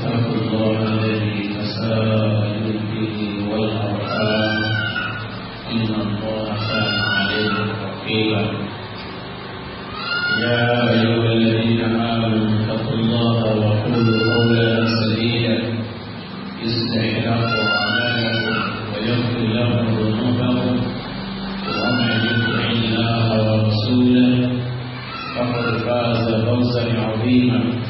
واتقوا الله الذي تساءلون به والأرحام إن الله كان عليكم رقيبا يا أيها الذين آمنوا اتقوا الله وقولوا قولا سديدا يصلح لكم ويغفر لكم ذنوبكم ومن يطع الله ورسوله فقد فاز فوزا عظيما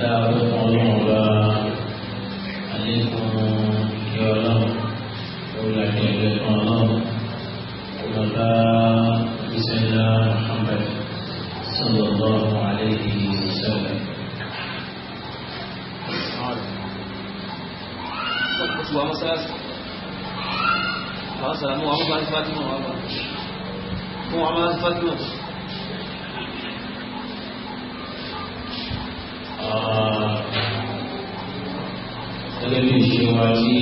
dáwọ́ ọlọ́run bá àlékún ìyá ọlọ́run olùlàjẹ ẹgbẹ̀kan ọlọ́run ọlọ́ba ìṣẹ̀lá Muhammad sallallahu alayhi wa sallam. Àwọn sàlámù àwọn bá ń fàtìmọ̀ àwọn bá. Wọ́n wá máa ń fàtìmọ̀. gẹ́gẹ́ bí ìṣe wa tí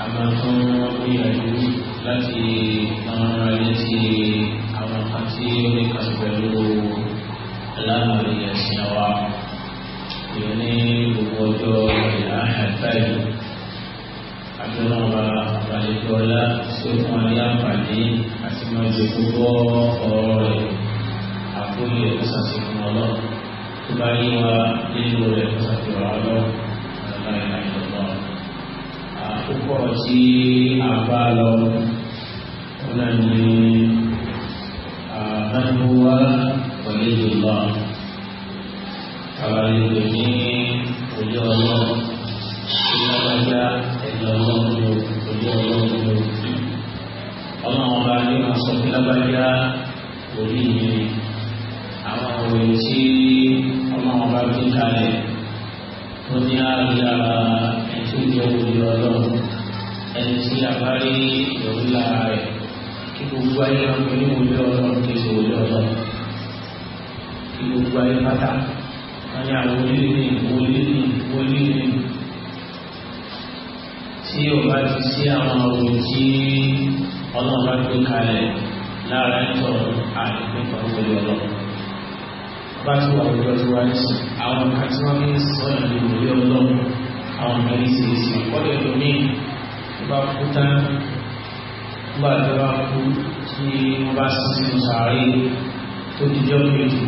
a máa tún gbìyànjú láti àwọn ayé ti àwọn kan tí ó ní kan pẹ̀lú aláàmì ẹ̀sìn wa èèyàn ní gbogbo ọjọ́ ìlànà ìfẹ́ àjọyọ̀nba àbàlẹ̀kọ́lá tí ó fún wa ní àǹfààní àti máa jẹ gbogbo ọ̀rọ̀ rẹ̀ ó yẹ kó sàṣìkò ọlọ́ tó bá yí wa nínú rẹ̀ kó sàṣìkò ọlọ́ àgbà ìlà ìjọba àkókò tí a bá lọ ó náà ní àbájúwá pẹ̀lú ìjọba àwọn Allah ní ojú ọlọ́run Allah ẹ̀yìn ọlọ́run ojú ọlọ́run ọlọ́run ọba ní asọ̀tún lábájá orí àwọn òwe tí ọmọ ọba gbé kalẹ̀ tó ní àríyára ẹtú jẹ́ òye ọlọ́run ẹni tí a bá rí ìyọ̀wé lára rẹ̀ kí gbogbo ayé máa ń pè ní òye ọlọ́run kí ṣe òye ọlọ́run kí gbogbo ayé pátá wọ́n ní àwọn olílì olílì olílì tí o ti sí àwọn òwe tí ọlọ́run bá gbé kalẹ̀ lára ẹ̀tọ́ àìpín pẹ̀lú òye ọlọ́run bá tó wà lórí ọjọ́ wa nísì àwọn nǹkan tí wọ́n ń sọ ìlú ìlú ọlọ́run àwọn nǹkan yìí sì sí ọ̀dọ̀ ìlú mi tó bá kú tán nígbà tó bá kú tí wọ́n bá sì sínú sàárè tó dìjọ́ méjì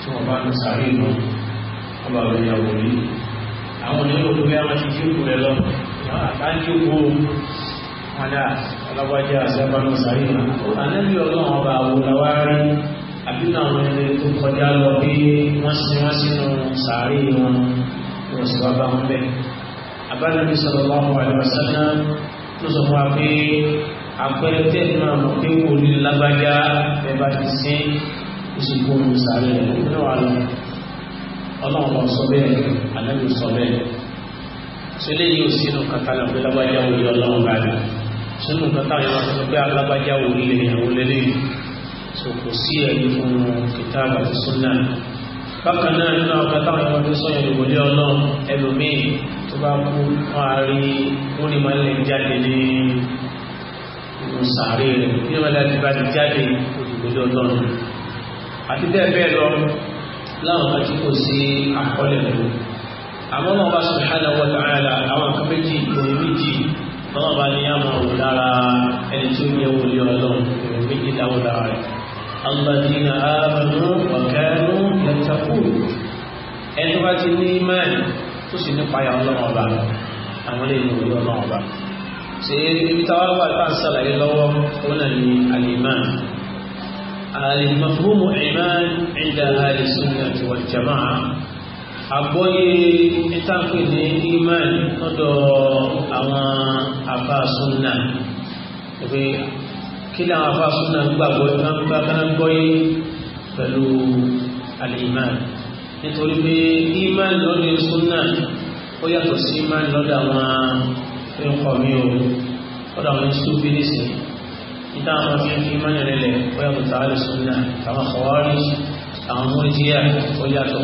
tí wọ́n bá lọ sàárè lọ ah, ọba lórí ìyàwó rí àwọn onílò tó bí àwọn ti jókòó rẹ lọ àwọn àbá jókòó wọn àti abánú sàárè náà àbí àwọn ẹni tó kọjá lọ bí wọ́n sin wọ́n sínú sàárè wọn wọ́n sì wá bá wọn bẹ̀. abájáde sọ̀rọ̀ bá wọn àlẹ́ wàsánà tó sọ fún wa pé àpẹẹrẹ tẹ́ ẹ̀ máa mọ̀ pé wò ní lágbájá ẹ bá ti sin ìṣubú ọmọ sàárè rẹ̀ nínú wa lọ. ọlọ́run lọ sọ bẹ́ẹ̀ alẹ́ ló sọ bẹ́ẹ̀. sílẹ̀ yìí ò sínú kàkà lọ pé lágbájá wò ní ọlọ́run bá sínú kàkà yìí wọ́n sọ pé alágbájá wò ní ìyàwó lélẹ́yìn so kò sí ẹni fún kitab àti sunnah bákan náà nínú àwọn kátà àwọn ọmọdé sọyìn ìwọlé ọlọ ẹlòmíì tó bá kú wọn á rí wọn ni máa ń lè jáde ní inú sàárè rẹ bí wọn lè ti bá ti jáde olùgbèlé ọlọ́run àti bẹ́ẹ̀ bẹ́ẹ̀ lọ láwọn kan tí kò sí àkọọ́lẹ̀ lọ àmọ́ wọn bá subhanahu wa ta'ala àwọn kan méjì ìròyìn méjì wọn bá ní àmọ́ òun lára ẹni tí ó yẹ wọlé ọlọ́run ìròyìn méjì dáwọ́ lára rẹ̀. الذين آمنوا وكانوا يتقون ẹni tó bá ti ní imáàlì tó sì nípa ya ọlọ́run ọba àwọn ilé ìlú ọlọ́run ọba ṣe ibi táwa wà tá ń ṣàlàyé lọ́wọ́ ó nà ní alimán alimafhumu iman inda ahli sunnati wal jamaa àgbọ́yé ìtàkùn ní imáàlì lọ́dọ̀ àwọn àbá sunna pé kí làwọn afáfúnà gbàgbọ́ ìgbàgbọ́yé pẹ̀lú alìmán nítorí pé imán lọ́dọ̀ súnà ó yàtọ̀ sí imán lọ́dọ̀ àwọn ẹ̀kọ́ mi ò lọ́dọ̀ àwọn ìṣúbínísì níta àwọn fi ń fi imán rẹlẹ̀ ó yàtọ̀ tààrí súnà àwọn àkọwárí àwọn mọ́ríjíyà ó yàtọ̀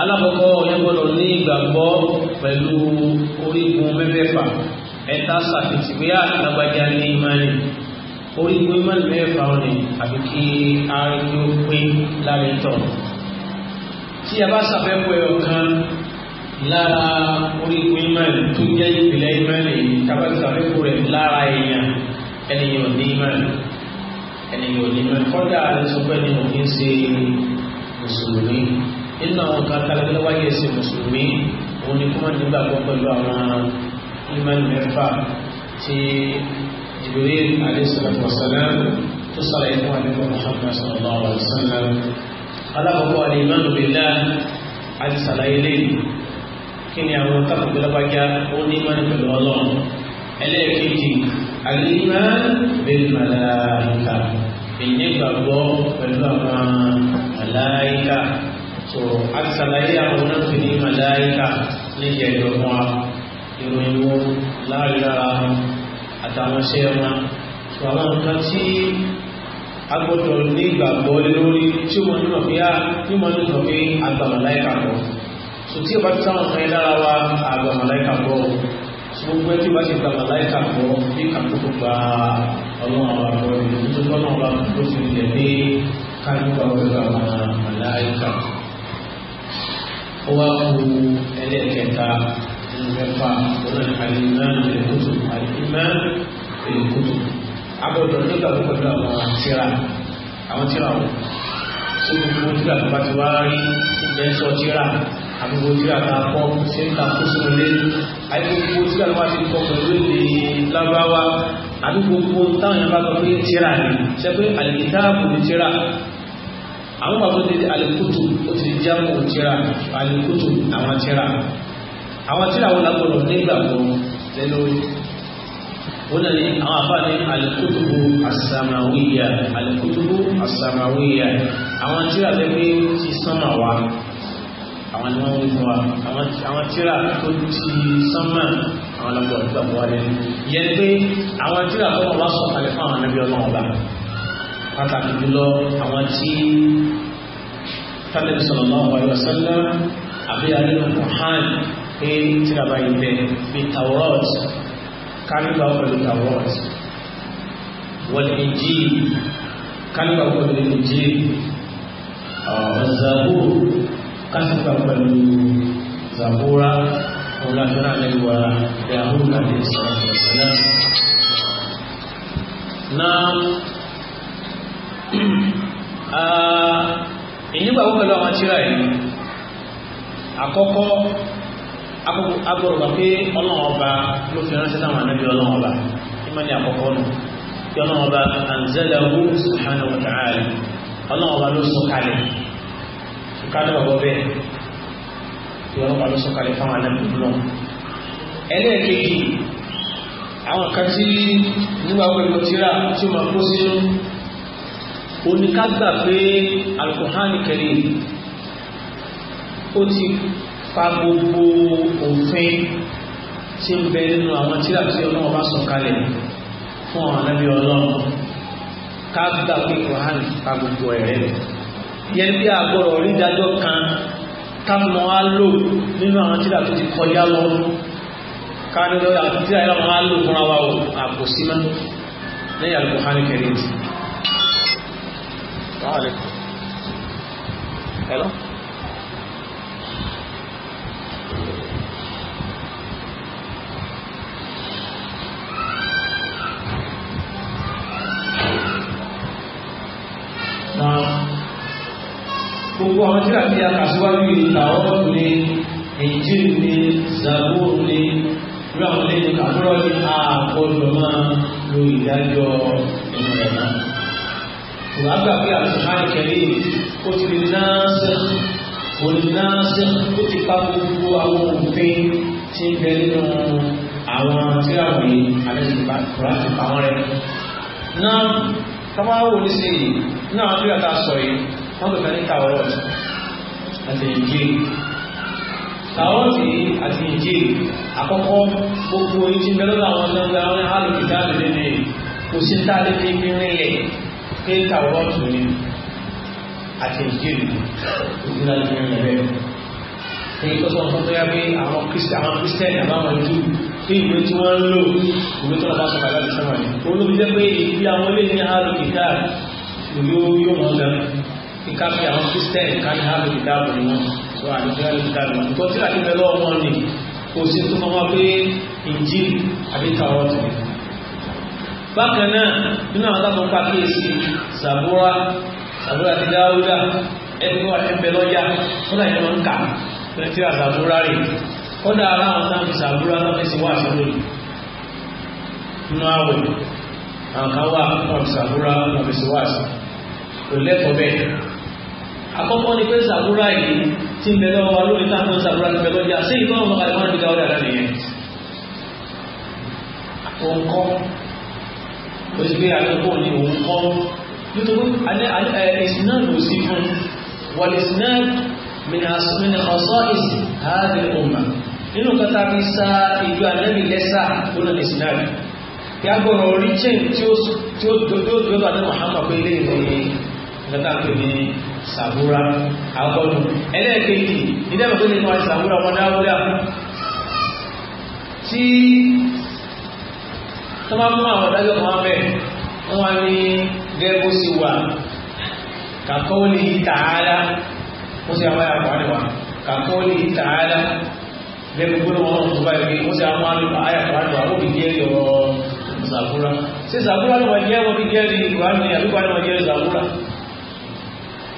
alákọ̀ọ́kọ́ yẹn gbọ́dọ̀ ní ìgbàgbọ́ pẹ̀lú orígun mẹ́fẹ̀ẹ̀fà ẹ̀ta sàfihàn alágbájá ní imani orí ìwé imani mẹ́fà ọ̀nà àbí kí ariwo pé lára ìtọ̀ tí a bá sàfẹ́kù ẹ̀ ọ̀kan lára orí ìwé imani tó jẹ́ ìpìlẹ̀ imani tàbí sàfẹ́kù rẹ̀ lára èèyàn ẹnìyàn ní imani ẹnìyàn ní imani kọ́dà àlẹ́sọ̀pẹ́ ni òun ń ṣe mùsùlùmí nínú àwọn kan tàbí wáyé ṣe mùsùlùmí òun ni kọ́mọ̀ pẹ̀lú àwọn iman mẹ́fà tí Jibril alayhi salatu wa salam tó sára ikú àdúgbò Muhammad sallallahu alayhi wa sallam alákọ̀ọ́kọ́ alìmánu billah àti sàlàyé lẹ́yìn kí ni àwọn tábùkù lápájá ó ní iman pẹ̀lú ọlọ́run ẹlẹ́ẹ̀kejì alìmán bil malaika èyí gbàgbọ́ pẹ̀lú àwọn màláìka tó àti sàlàyé àwọn náà ní màláìka níjẹ̀ ìdọ̀kan wa ìròyìn wọn láàrin lára wọn àtàwọn iṣẹ́ wọn tó àwọn nǹkan tí a gbọ́dọ̀ ní ìgbàgbọ́ lórí tí wọ́n ní mọ̀ pé so tí o bá ti sáwọn kan yẹn lára wa agbàmọ̀láìkà bọ̀ so gbogbo ẹ tí o bá ti gbàmọ̀láìkà bí kàkókò gba ọlọ́run àwọn àbọ̀ ìlú tó tọ́nà wa ló fi lè ní kálukú àwọn ìgbàmọ̀láìkà ó wá ku ẹlẹ́ẹ̀kẹta mẹ́fà ọ̀nà àlìmá ìlẹ̀kùtù àlìmá ìlẹ̀kùtù agbọ̀dọ̀ nígbà tó pẹ̀lú àwọn tíra àwọn tíra wọn tó gbogbo tíra tó bá ti wá rí mẹ́sọ̀ tíra àgbogbo tíra ta kọ́ sí ń ta kó sínú lé àgbogbo tíra tó bá ti kọ́ pẹ̀lú èdè lábáwá àgbogbo táwọn yẹn bá kọ́ pé tíra ni ṣe pé àlìkítà kò ní tíra àwọn bàbá tó ti di àlìkùtù ó ti jámù tíra àlìkùtù àwọn tíra àwọn tíra wọn lágbọ́dọ̀ nígbàgbọ́ lẹ́nu wọn ni àwọn àbá ní alikutubu asamawiya alikutubu asamawiya àwọn tíra lẹ́gbẹ́ ti sánmà wa àwọn ni wọ́n ń fún wa àwọn tíra tó ti sánmà àwọn lágbọ́dọ̀ nígbàgbọ́ wa lẹ́nu yẹn pé àwọn tíra tó wọ́n wá sọ kalẹ̀ fún àwọn anábì ọlọ́wọ́n bá pàtàkì jùlọ àwọn tí tálẹ́bí sallallahu alaihi wasallam àbí alẹ́ pé tíraba yìí bẹ fi tawrọ́t kánúbà pẹ̀lú tawrọ́t wal injil kánúbà pẹ̀lú injil zabur kánúbà pẹ̀lú zabura ọ̀làdúrà lẹ́wà yahoo àti ìsọ̀rọ̀sọ̀rọ̀ náà ìyígbàwó ah, pẹ̀lú àwọn tíra yìí àkọ́kọ́ agbọ̀rọ̀gbà pé ọlọ́wọ́ ọba ló fi ránṣẹ́ sáwọn anábì ọlọ́wọ́ ọba ìmọ̀ni àkọ́kọ́ nù kí ọlọ́wọ́ ọba anzalahu subhanahu wa ta'ala ọlọ́wọ́ ọba ló sọ sùkálẹ̀ ọ̀gọ́ bẹ́ẹ̀ kí ọlọ́wọ́ ló fáwọn ẹlẹ́ẹ̀kejì àwọn kan tí nígbà pẹ̀lú tíra tí ó máa kó oníkágbà pé ó fa gbogbo òfin tí ń bẹ nínú àwọn tíra tí ọlọ́run bá sọ kalẹ̀ fún àwọn anábì ọlọ́run ká gbà pé Quran fa gbogbo ẹ̀rẹ́ yẹn bí àgbọ̀rọ̀ orí ìdájọ́ kan ká mọ̀ á lò nínú àwọn tíra tó ti kọjá lọ ká ní lọ́yà tíra yẹn mọ̀ á lò fúnra wa o àbòsí mọ́ lẹ́yìn Al-Quran Karim. Hello? gbogbo àwọn tíra tí a kà síwájú yìí làwọn ní èjì ní zàbó ní ìlú àwọn ilé ìka tó rọ́ọ̀lì àgbọ̀dọ̀ máa lo ìdájọ́ ìmọ̀ràn náà. ìwà gbà pé àtúnṣe kẹrin ó ti lè náàṣẹ kò lè náàṣẹ ó ti pa gbogbo àwọn òfin tí ń bẹ nínú àwọn tíra wọ̀nyí àti ìpàkùrọ̀ àti ìpamọ́ rẹ̀. náà tábà wò ní sèyí náà àtúnyàtà sọ yìí wọ́n pè kan ní tàwọ́rọ̀ àti ìjírì tàwọ́rọ̀tì àti ìjírì àkọ́kọ́ gbogbo orí ti bẹ́ẹ̀ lọ́dọ̀ àwọn ọ̀nà àwọn alùpùpù àbẹ̀lẹ̀ ni kò sí tá a lè fi fi rinlẹ̀ pé tàwọ́rọ̀tì ni àti ìjírì òkú náà fi rinlẹ̀ bẹ́ẹ̀ èyí tó sọ̀rọ̀ tó yá pé àwọn kírísítẹ́nì àbáwọn jù pé ìwé tí wọ́n ni olóbi jẹ́ pé ìbí àwọn kíkà a àwọn kristian ká ha hàlù ìdáàbò ni wọn sọ àdúgbò hàlù ìdáàbò ni wọn tí wàá kíkà wọn ni kò sí tó máa pé ìjì àbí tàwọn tó yẹ. bákan náà nínú àwọn táwọn pa kéèsì sàbúrà sàbúrà ti ẹni wà lọ́yà yẹn ń kà sàbúrà rè táwọn fi sàbúrà náà nínú àwẹ̀ àwọn kan àkọ́kọ́ ni pé sàbúrà yìí ti ń bẹ̀rẹ̀ wa lórí táwọn sàbúrà ti bẹ̀rẹ̀ lọ́jà sí ìtọ́nà ọmọ àdìmọ́ àti ìdáwọ́ dáadáa nìyẹn. òun kọ́ ó sì gbé àkọ́kọ́ ní òun kọ́ nítorí ìsìnà ló sí fún wà lè sinà mìnà ọ̀sọ́ ìsìn ààbẹ̀ ọmọ nínú kata fi sa ìjọ ànábì lẹ́sà tó náà lè sinà rẹ̀ yàgbọ̀rọ̀ orí chain tí ó dodo Muhammad pé ilé sàbúrà àkọ́dù ẹlẹ́ẹ̀kejì ìdẹ́mọ̀ tó nínú àìsàbúrà wọn dáwọ́dá tí tó bá mú àwọn ọ̀dájọ́ kan wá bẹ́ẹ̀ wọ́n wá ní gẹ́gbó sí wà kàkọ́ ní tààlà ó sì àwọn àyàkọ́ àdìwà kàkọ́ ní tààlà gẹ́gbó gbọ́dọ̀ wọn tó bá yẹ ó sì àwọn àyàkọ́ àdìwà ó fi jẹ́ yọ sàbúrà sí sàbúrà ló wà jẹ́ wọ́n fi jẹ́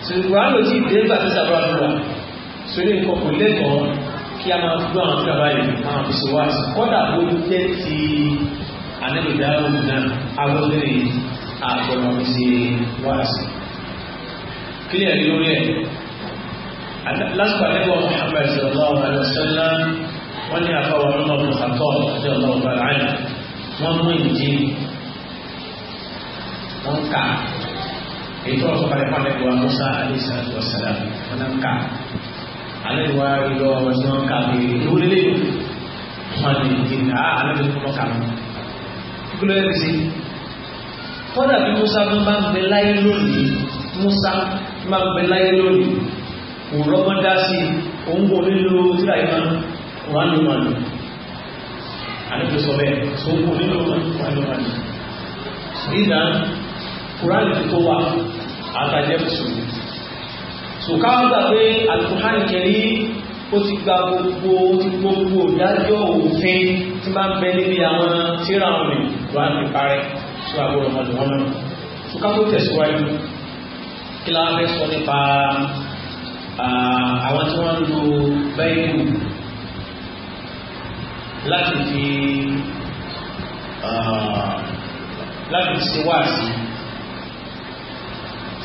sòrìkò àlò tí ìdẹ́gbà tó sàbúrà ló wà sórí nǹkan kò lẹ́tọ̀ọ́ kí a máa gbọ́ àwọn tí a bá yẹ máa fi ṣe wá sí kọ́dà bó jẹ́ ti ànẹ́gbẹ̀dá òun náà agbọ́dẹ́rẹ́ àgbọ̀nà fi ṣe wá sí. kílíà ní lórí ẹ̀ lásìkò àdébọ̀ Muhammad sallallahu alaihi wasallam wọ́n ní àfọwọ́ ọmọ ọmọ àtọ́ ọjọ́ ọmọ ọmọ àlàyé wọ́n mú ìdí wọ́n kà ètò ọ̀sọ̀kalẹ̀ pàdé wa musa alayisalaatu wa salam ọ̀nà ká alẹ́ wa yọ ọmọ tí wọ́n ká bí ìwúlélẹ́ yìí wọ́n lè di ní àá alẹ́ tó kọ́ ká mi. kíkúlẹ̀ ẹ̀ ti kọ́dà bí musa tó máa ń bẹ láyé lónìí musa tó máa ń bẹ láyé lónìí kò rọ́gbọ́n dá sí òun kò nílò tíra ìmọ̀ wà ló wà lò alẹ́ tó sọ bẹ́ẹ̀ tó kò nílò wà ló wà lò. ìdá kúránì tó wà àtàjẹ́ mùsùlùmí so káwọn gbà pé alukuhani kẹrí ó ti gba gbogbo ó ti gbogbo dájọ́ òfin tí máa ń bẹ níbi àwọn tíra ọ̀rìn wà ní parẹ́ sí àgbọ̀rọ̀ ọmọdéwọ́n náà so ká tó tẹ̀síwájú kí la fẹ́ sọ nípa àwọn tí wọ́n ń lo bẹ́ẹ̀lù láti fi láti fi ṣe wáàsí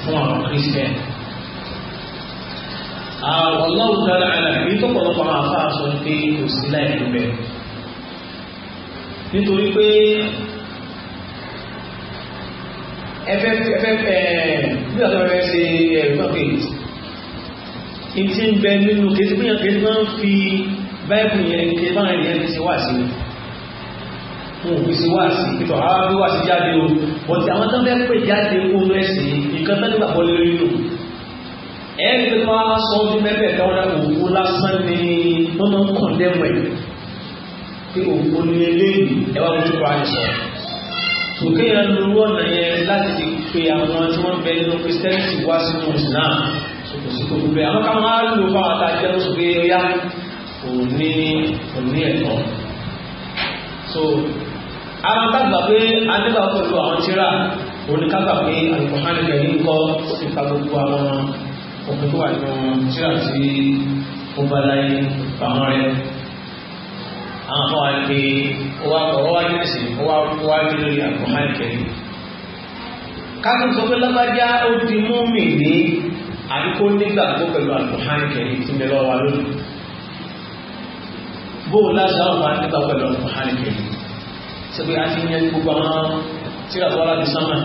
fún àwọn Christian. àwọn ọlọ́run dára àlàyé tó pọ̀lọpọ̀ máa fà sọ pé kò sí láì ló bẹ̀. nítorí pé ẹfẹ́ ẹfẹ́ bí ọ̀sán rẹ̀ ṣe ẹ̀rù náà pè ń bẹ nínú kejì bí yàn fi báyìí yẹn kejì máa ń yẹn ti wá sí i wọn ò fi ṣe wá sí ìtọ̀ àwọn tó wá sí jáde o bọ̀tí àwọn tó ń bẹ́ pè jáde ohun ẹ̀sìn nǹkan tó ń gbà bọ́ lórí lò ẹ̀ẹ́dì tó máa sọ ọdún mẹ́fẹ̀ẹ́ tó wọn òkú lásán ni wọ́n máa ń kàn dẹ́mọ̀ ẹ̀ pé òkú ni eléyìí ẹ wá lójú pa àìsàn tòkè yẹn lórí ọ̀nà yẹn láti ti pe àwọn tí wọ́n bẹ nínú kristẹniti wá sínú Islam sòkòsòkò bẹ́ẹ̀ àwọn ká máa lò fáwọn àtàjẹ́ oṣù yá òní òní ẹ̀tọ́ so ara gbàgbà pé adébà pẹ̀lú àwọn tíra oníkàgbà pé àlùkòhánì rẹ̀ ń kọ́ nípa gbogbo àwọn òkú tó wà nínú tíra tí ó bá láyé pamọ́ rẹ̀ àwọn afọ àti pé ó wá kọ́ ó wá ní ẹ̀sìn ó wá wá ní lórí àlùkòhánì rẹ̀ káàkiri sọ pé lágbájá ó di mú mi ní àdúgbò nígbà tó pẹ̀lú àlùkòhánì rẹ̀ tí mi lọ́wọ́ wa lónìí bóòlù láti àwọn àdúgbò pẹ̀lú àlùkòhánì sẹ́gbẹ́ á ti ń yẹn gbogbo àwọn tíra tó alábi sánmà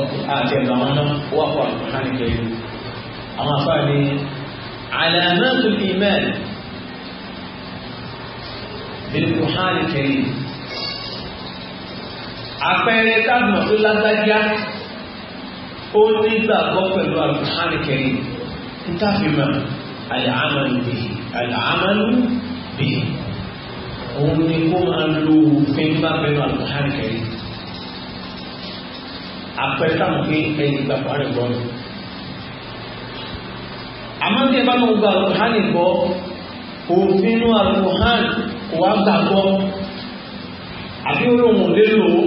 ọkùn àti ẹ̀gbà wọn náà ó wà fún àkùnrin náà nìkẹ́ yìí àwọn afá ni àlàmẹ́tò ìmẹ́ẹ̀lì bílùkù hàn nìkẹ́ yìí àpẹẹrẹ tábìmọ̀ tó lágbájá ó nígbàgbọ́ pẹ̀lú àkùnrin nìkẹ́ yìí ń tàbí mọ́ àlàámẹ́lú bìí àlàámẹ́lú bìí òun ni kó máa lo òfin bá bẹnu àlùkàn kẹrì apẹtàmù pé ẹni gba kúránì gbọ́ ni àmọ́ tí ẹ bá máa gba àlùkàn gbọ́ òfin nu àlùkàn kò wá gbà gbọ́ àbí olóhùn lè lò ó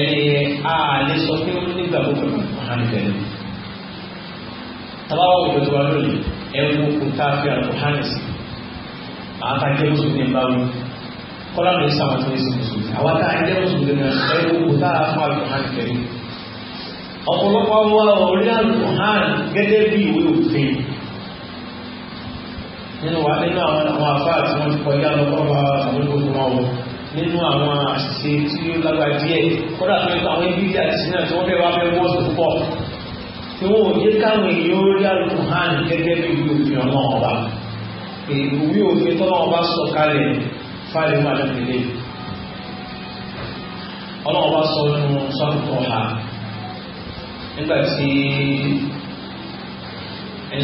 ẹni àlè sọ pé ó nígbà gbogbo àlùkàn kẹrì tabawo gbẹdọgba lónìí ẹ wo kò fi àlùkàn sí i àwọn tá a jẹ́ mùsùlùmí ń bá wí kọ́lá ló ń sáwọn tó ń sin mùsùlùmí àwọn tá a jẹ́ mùsùlùmí náà ẹ wo kò tá a fún àlùkùnrin kẹrin ọ̀pọ̀lọpọ̀ wa orí àlùkùnrin gẹ́gẹ́ bí ìwé òfin nínú wa nínú àwọn àwọn afáà tí wọ́n ti kọjá lọ́kọ́ba àwọn olùkọ́ wọn wọ nínú àwọn àṣìṣe tí ó lágbà díẹ̀ kọ́dà tó ń pa àwọn ibi ìjà àṣìṣe náà tí wọ́n fẹ́ wá fẹ́ wọ́ọ̀sì púpọ̀ tí wọ́n ò yé káwọn èèyàn orí àlùkùnrin gẹ́gẹ́ bí ìwé òfin ọlọ́run ọba pé ìwé òfin tọ́lọ́wọ́ bá sọ kalẹ̀ fáìlì máa lẹ́nu ilé ọlọ́wọ́ bá sọ nínú sọ́kùtọ̀ ha nígbà tí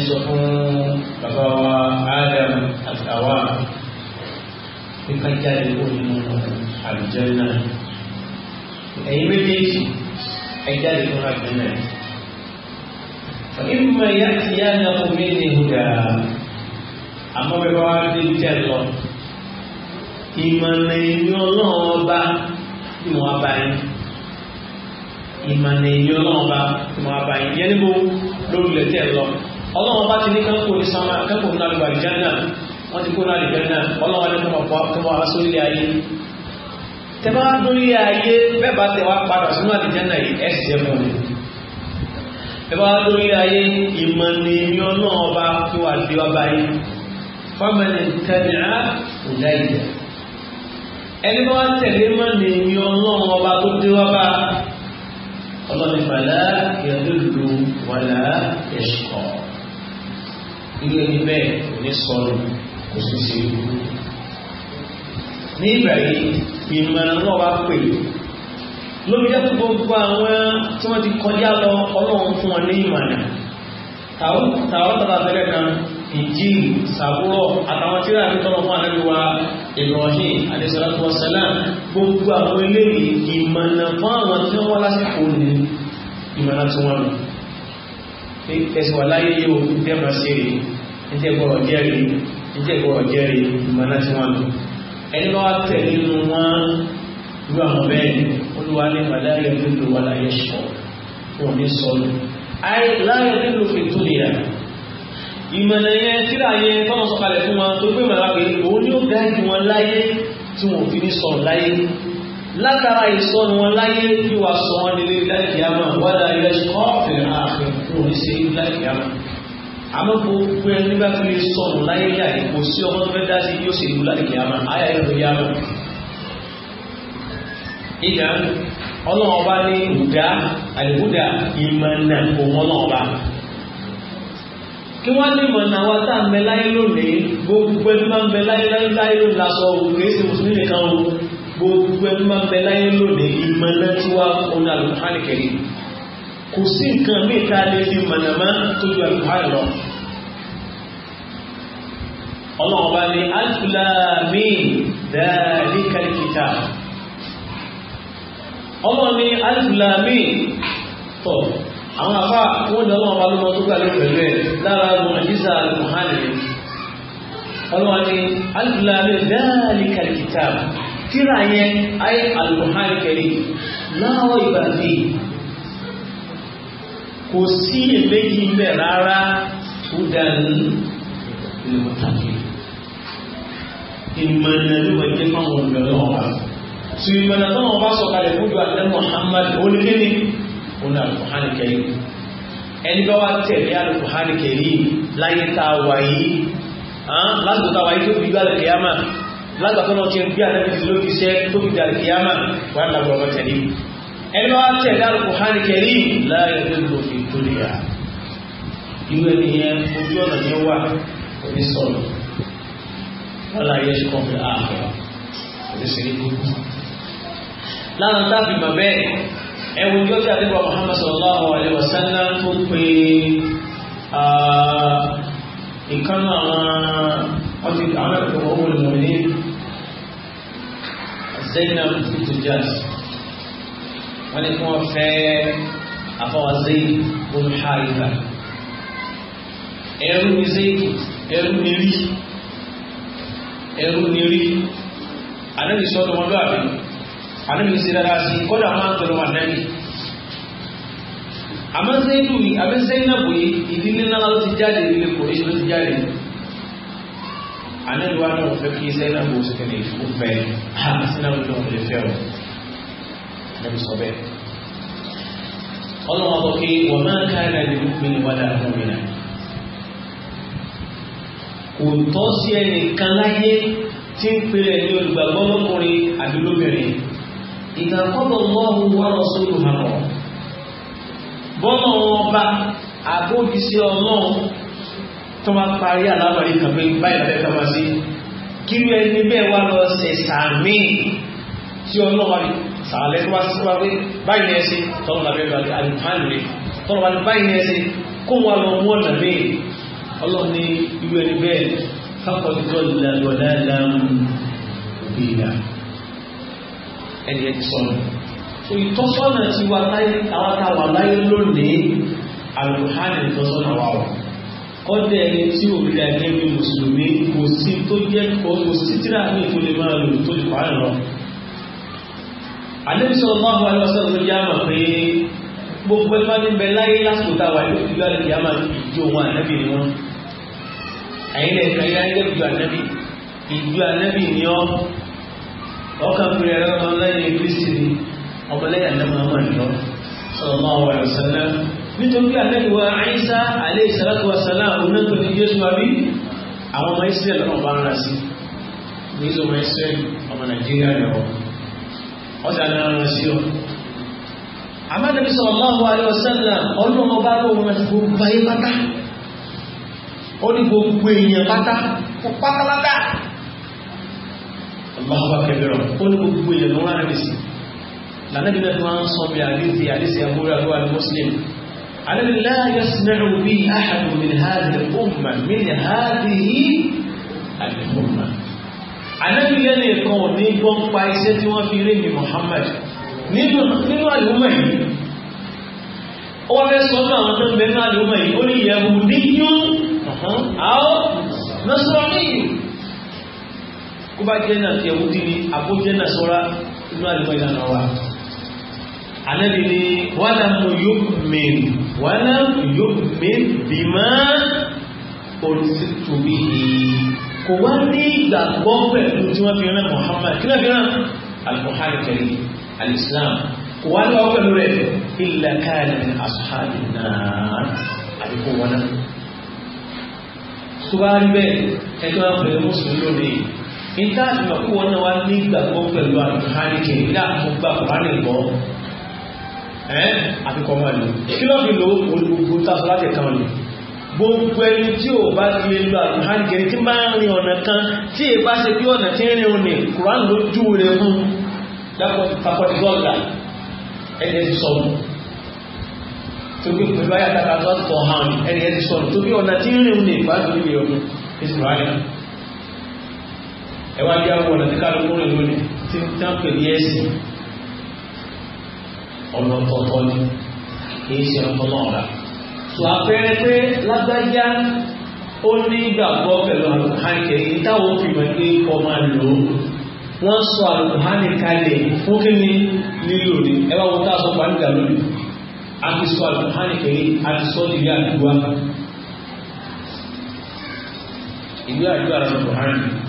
sọ fún bàbá wa Adam àti àwa nípa jáde kó nínú àlùjẹ́ náà ẹ̀yin méjèèjì ẹ̀jáde kó nínú àlùjẹ́ náà. فإما يأتينكم مني هدى àmọ́ bẹ́ẹ̀ bá wá dé tẹ̀ lọ ìmọ̀nà ìní ọlọ́run ọba tí wọ́n bá yín ìmọ̀nà ìní ọlọ́run ọba tí wọ́n bá yín yẹn níbo lórí ilẹ̀ tẹ̀ lọ ọlọ́run ọba ti ní kẹ́kọ̀ọ́ ní sọ́mà kẹ́kọ̀ọ́ ní alùpàá ìjẹ́ náà wọ́n ti kó ní alùpàá náà ọlọ́run ní kọ́mọ̀ kọ́mọ̀ wá sórí ayé tẹ bá lórí ayé bẹ́ẹ̀ bá tẹ wá padà sínú àlùjẹ́ náà yìí ẹ̀ sì jẹ́ mọ́ ni ẹ bá lórí ayé ìmọ̀nà ìní ọlọ́run ọba tí wọ́n á fọ́mọ̀lì tẹ̀lẹ̀á ọ̀dá ìdẹ̀ ẹni bá wá tẹ̀lé mọ́ ní ẹ̀mí ọlọ́run ọba tó dé wá bá ọlọ́run ìfàlá ìyàdúlù wàlá ẹ̀ṣọ́ ilé ẹni bẹ́ẹ̀ kò ní sọnù kò sì ṣe é ní ìgbà yìí ìmọ̀ràn náà wá pè lórí jẹ́ gbogbo àwọn tí wọ́n ti kọjá lọ ọlọ́run fún wọn ní ìmọ̀ràn tàwọn tàwọn tàbí abẹ́rẹ́ kan injil sàbúrọ àtàwọn tí ra àtúntọ́ fún ànábì wa ibrahim alayhisalatu wasalam gbogbo àwọn eléyìí ìmọ̀nà fún àwọn tí wọ́n lásìkò ní ìmọ̀nà tí wọ́n nù ẹ̀sùn wà láyé yóò tẹ́ máa ṣe rí ẹ̀jẹ̀ gbọ́rọ̀ jẹ́rì ẹ̀jẹ̀ gbọ́rọ̀ jẹ́rì ìmọ̀nà tí wọ́n nù ẹni bá wá tẹ̀ nínú wọn ìmọ̀lẹ̀ yẹn tíra yẹn tọ́nà sọ̀kalẹ̀ fún wọn tó gbé mọ̀lá pé òun ni ó gáàdì wọn láyé tí wọn fi ní sọ̀rọ̀ láyé látara ìsọ̀rọ̀ wọn láyé bí wàá sọ wọn nílé láìkíyàmà wàdà ilẹ̀ ṣọ́ọ̀fẹ̀ ààfin fún oníṣẹ́ láìkíyàmà àmọ́ gbogbo ẹni nígbà tó lè sọ̀rọ̀ láyé yàrá kò sí ọmọ tó fẹ́ dá sí yóò ṣe ìlú láìkíyàmà ayà yóò fi yàmà. ìdá ọlọ́run ọba ní ìdá àlùbúdà ìmọ̀nà òun ọlọ́run ọba kí wọ́n lè mọ̀ náà wá tá à ń bẹ láyé lónìí gbogbo ẹni máa ń bẹ láyé láyé lónìí lásọ òun ṣe mùsùlùmí nìkan o gbogbo ẹni máa ń bẹ láyé lónìí ìmọ̀ náà tí kẹ̀lé kò sí nǹkan mí ta lè fi tó ju lọ. alifulami àwọn afá wọn ní ọlọ́wọ́n bá ló mọ tó gbà ló pẹ̀lú lára mọ̀jísà alùmọ̀hánì ni ọlọ́wọ́n ni alùpùlàmì dáàlì kàlìkìtà tíra yẹn ayé alùmọ̀hánì kẹrì láwọ̀ ìbàdí kò sí ìbéjì mbẹ rárá húdàn lèmọ̀tàkì ìmọ̀nà ló wà jẹ́ fáwọn olùdó ọlọ́wọ́n bá sọ ìmọ̀nà tó wọn bá sọ kalẹ̀ fún ju àdé Muhammad olùkẹ́ni òun Al-Qur'an Karim ẹni bá wá tẹ̀lé Al-Qur'an Karim láyé tá a wà yìí lágbò tá a wà yìí tó fi gbá àlùkìyàmà lágbà tó náà ti ń gbé àlẹ́ fi lóbi iṣẹ́ tó fi àlùkìyàmà wà lágbà ọmọ tẹ̀lé ẹni bá wá tẹ̀lé Al-Qur'an Karim láyé tó lò fi tó lè yà irú ẹni yẹn ojú ọ̀nà yẹn wà òní sọ̀rọ̀ wọ́n láyé ṣe kọ́ fi àhọ̀ òní sì ẹwù ìjọ tí àdébọ̀ Muhammad sallallahu alaihi wasallam tó pé ìkànnà àwọn ọdún àwọn ẹ̀kọ́ owó ìmọ̀lẹ́ Zainab fitujaz wọ́n ní kí wọ́n fẹ́ afọwọ́ Zaid bin Haritha ẹrú ni rí ẹrú ni wọn lọ́wọ́ àbẹ̀yìn anabi ṣe dáadáa sí kódà máa ń tọrọ ànábì àmọ́ zayidu yìí àbí zainabu yìí ìdílé náà ló ti jáde nílé kòrèṣi ló ti jáde anabi wa náà fẹ́ kí zainabu sì kẹ́lẹ̀ ìfúkú fẹ́ ha sinamu náà lè fẹ́ o anabi sọ bẹ́ẹ̀ ọlọ́wọ́ bọ̀ pé wọ́n máa ń káyọ̀ náà lè mú mi wádà mú mi náà kò tọ́ sí ẹnìkan láyé tí ń pèlè ní olùgbàgbọ́ lọ́kùnrin àbí lóbìnrin. إذا قضى الله ورسوله أمرا bọ́nà wọn bá àbójúsí ọlọ́run tó máa parí àlámọ̀rí kan pé báyìí lábẹ́ kan máa sí kí ló ẹni bẹ́ẹ̀ wá lọ ṣẹ̀ sàmì tí ọlọ́run wá sàlẹ̀ tó wá sí wá pé báyìí ní ẹsẹ̀ tọ́lọ́ lábẹ́ lọ àlùfáàlù rẹ̀ tọ́lọ́ wá ní báyìí ní ẹsẹ̀ kó wá lọ wọ́n nà mí ọlọ́run ní irú ẹni bẹ́ẹ̀ fákọ̀ọ́dúnrún lọ́dọ̀ lọ́dọ̀ lọ́dọ̀ ẹni ẹni sọnù so ìtọ́sọ́nà ti wá láyé àwọn tá a wà láyé lónìí àlùhánì ìtọ́sọ́nà wà wà kọ́dẹ̀ ẹni tí ò rí ẹgbẹ́ mi mùsùlùmí kò sí tó jẹ́ kó sí tíra mi tó lè máa lò tó lè pààrọ̀ lọ. àlejò sọ̀rọ̀ máa wà lọ́sẹ̀ tó yá mà pé gbogbo ẹgbẹ́ mi bẹ láyé lásìkò tá a wà ní ìlú àlejò yá máa fi jó wọn ànábì ni wọn. àyìnlẹ̀ ìkàyà ẹgbẹ́ ìjọ ànábì ìjọ ànábì ni ọ́ ọkàn pèrè ẹ̀rọ kan lẹ́yìn kristi ni ọmọlẹ́yìn alẹ́mọ̀ ọmọ ìlọ sallallahu alaihi wasallam nítorí pé àtẹ́gbẹ̀wá àyíṣà alẹ́ ìsàlátù wasallam onáńtò ní jésù àbí àwọn ọmọ israẹl náà bá ń ra sí ní ìṣó ọmọ israẹl ọmọ nàìjíríà lẹwọ ọjà náà ń ra sí lọ́wọ́ kẹbẹ̀rọ ó ní gbogbo ilẹ̀ ló rán rẹ̀ sí lànàbí náà tó ń sọ bí àdíṣe àdíṣe àmúra ló wà ní muslim alẹ́bí láyé sinẹ́rù bí àhàdù min hàdì ọmọ min hàdì àdìmọ̀mà alẹ́bí lẹ́nu ẹ̀kan ò ní gbọ́n pa iṣẹ́ tí wọ́n fi rí mi Muhammad nínú àlùmọ̀ yìí ó wá fẹ́ sọ fún àwọn tó ń bẹ nínú àlùmọ̀ yìí ó ní yẹ̀wù níyún àwọn nọ́sọ̀rọ̀ níyún kó bá jẹ́ náà ti ẹ̀wú dìní àkójẹ́ náà sọ́ra inú àlùmọ́ ìlànà wa ànábì ni wàlá mu yóò mìn wàlá yóò mìn bìmá olùsítòbí kò wá ní ìgbàgbọ́ pẹ̀lú tí wọ́n fi rán Muhammad kí náà fi rán al-Qur'an al al-Islam kò wá ní ọpẹ̀lú rẹ̀ illa kana min ashabin nar àdúgbò wọn náà tó bá rí bẹ́ẹ̀ ẹgbẹ́ wọn pẹ̀lú mùsùlùmí lónìí nígbà tí wọ́n kó wọn náà wá ní ìgbàgbọ́ pẹ̀lú àlùkánìkì nígbà tó gba kùránì gbọ́ ẹ́ àfikọ́ wọn ni kí ló fi lo olùgbogbo táṣọ láti kan ni gbogbo ẹni tí ò bá ti lè lo àlùkánìkì tí máa ń rin ọ̀nà kan tí ì bá ṣe bí ọ̀nà tí ń rin òní kùránì ló jú rẹ̀ fún dápọ̀tìgọ́gà ẹ̀yẹ ti sọnù tóbi pẹ̀lú ayàtàkà tó ti tọ̀ ẹwà bí àwọn ọ̀nà tí kálukú rẹ̀ lónìí tí ń tán pè ní ẹ̀sìn ọ̀nà tọ̀tọ̀ ni kì í ṣe ọ̀nà náà rà tó àpẹẹrẹ pé lágbájá ó ní ìgbàgbọ́ pẹ̀lú àlùkùhánì kẹ̀kẹ́ táwọn òfin mọ̀ pé kọ́ máa lò ó wọ́n sọ àlùkùhánì kalẹ̀ fún kí ni lílò ni ẹ bá wọn tá a sọ pa nígbà lónìí a ti sọ àlùkùhánì kẹ̀kẹ́ a ti sọ ìwé àdúgbò àgbà ìwé àdúgbò àlùkùhánì kẹ̀kẹ́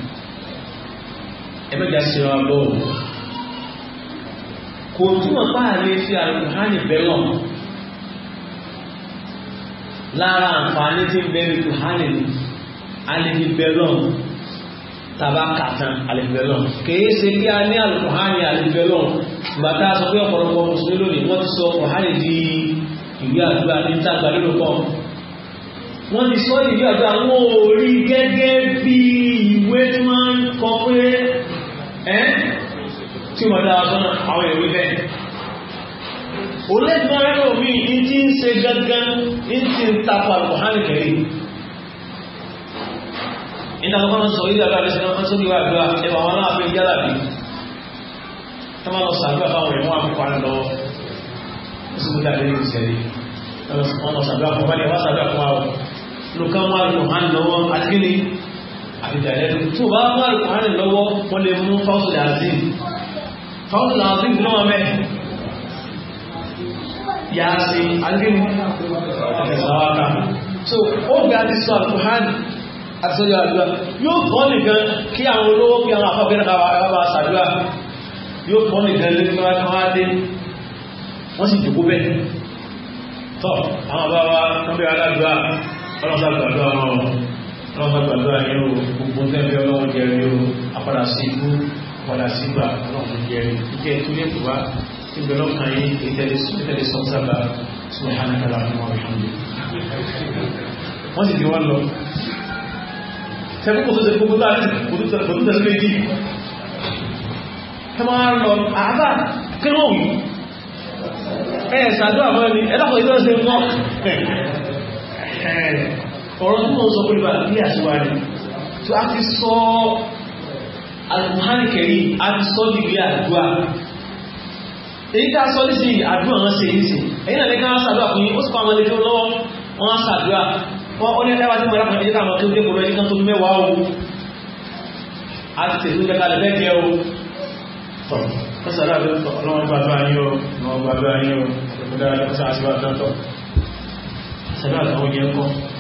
ẹgbẹ́jà sí wa bọ́ kò túmọ̀ páàrin sí alùpùpù bẹ́lọ̀ lára àǹfààní tí ń bẹ́rù kùhánì ni alìbí bẹ́lọ̀ tàbá kàtàn alìbí bẹ́lọ̀ kìí ṣe bí a ní alùpùpù alìbí bẹ́lọ̀ gbàtà sọ pé ọ̀pọ̀lọpọ̀ mùsùlùmí lónìí wọ́n ti sọ kùhánì di ìwé àdúrà ní tàgbà nínú pọ̀ wọ́n ti sọ ìwé àdúrà wọn ò rí gẹ́gẹ́ bí ìwé tí wọ́n ń kọ pé ẹ́ tí ó máa dára sọ́nà àwọn ìwé bẹ́ẹ̀ olóògbé rẹ̀ omi ní tí ń ṣe gangan ní tí ń tapà Buhari kẹrì iná lọ́kọ́ náà sọ ìdàgbà àti sinimá sórí wa àdúrà ẹwà wọn náà fi yálà bí ẹ máa lọ sàdúrà fáwọn ẹ̀wọ̀n àkókò àná lọ sí mo dáadé ní ìṣẹ̀lẹ̀ wọn lọ sàdúrà ni àbíjàlẹ́nu tó bá bá àrùn lọ́wọ́ wọ́n lè mú fáwọ́sùlẹ̀ azim fáwọ́sùlẹ̀ azim náà mẹ́ yà á sí alẹ́nu ẹ̀sàwákà so ó ga ti sọ àkùhán àtìsọ́jọ́ àdúrà yóò pọ́ nìkan kí àwọn olówó kí àwọn afọ́bẹ̀rẹ̀ bá sàdúrà yóò pọ́ nìkan lé wọ́n sì jùkú bẹ́ẹ̀ tọ́ àwọn bá wá kọ́bẹ̀rẹ̀ aládùá ọlọ́sàgbàdùá wọn ọlọ́mọ gbàdúrà yẹn o gbogbo tẹ́lẹ̀ ọlọ́run jẹrẹ o apàdà sí ikú padà sí gbà ọlọ́run jẹrẹ ìjẹ́ ìtúlẹ̀ tó wá ìgbẹ́ lọ́kàn yín ìtẹ́lẹ̀ sọ́sábà sùnmọ́hánàkàlà fún wa wọ́n sì ti wá lọ sẹ́kùn tó ṣe gbogbo láti kò tó tẹ̀sí méjì ẹ máa lọ àbá kí wọ́n wù ẹ̀ ṣàdúrà mọ́ ni ẹ̀dàkọ̀ ìgbẹ́ ọ̀rọ̀ tí wọ́n sọ pé bá bí àṣewárí tó a ti sọ alùpùpù kẹrì a ti sọ dìgbì àdúrà èyí tá a sọ ní sí àdúrà wọn ṣe yìí sí èyí náà lẹ́gbẹ́ wọn ṣàdúrà fún yín ó sì pa àwọn ẹlẹ́gbẹ́ lọ́wọ́ wọn ṣàdúrà wọn ó ní ẹlẹ́wà tí mo rà pàdé káwọn kéwé kúrò ẹni kan tó mẹ́wàá o a ti tẹ̀lé ní kẹta lẹ́gbẹ́ jẹ́ o tọ̀ ó ṣàdúrà bí ọlọ́wọ́n gbàdúrà yín o ọlọ́wọ́n gbàdúrà yín o ọlọ́wọ́n gbàdúrà yín o ṣàdúrà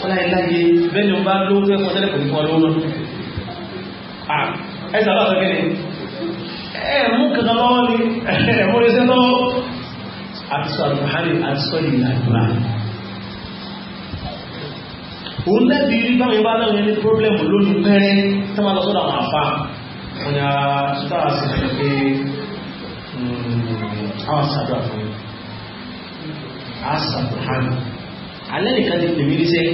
wọ́n láyé láyé bẹ́ẹ̀ ni wọ́n bá lówó fẹ́ fún ọtẹ́lẹ̀ kò ní fún ọ lówó lọ. ẹ ni ẹ mú kankan lọ́wọ́ ni ẹ mú lè sẹ́ńtọ́ àti sọ àlùfáàlì àti sọ ìlànà ìlànà òun lẹ́bi rí báwọn bá náà ní pọ́blẹ́mù lónìí pẹ́rẹ́ tó máa lọ sọ́dọ̀ àwọn àfá wọn alẹ́ nìkan ti pèmí níṣẹ́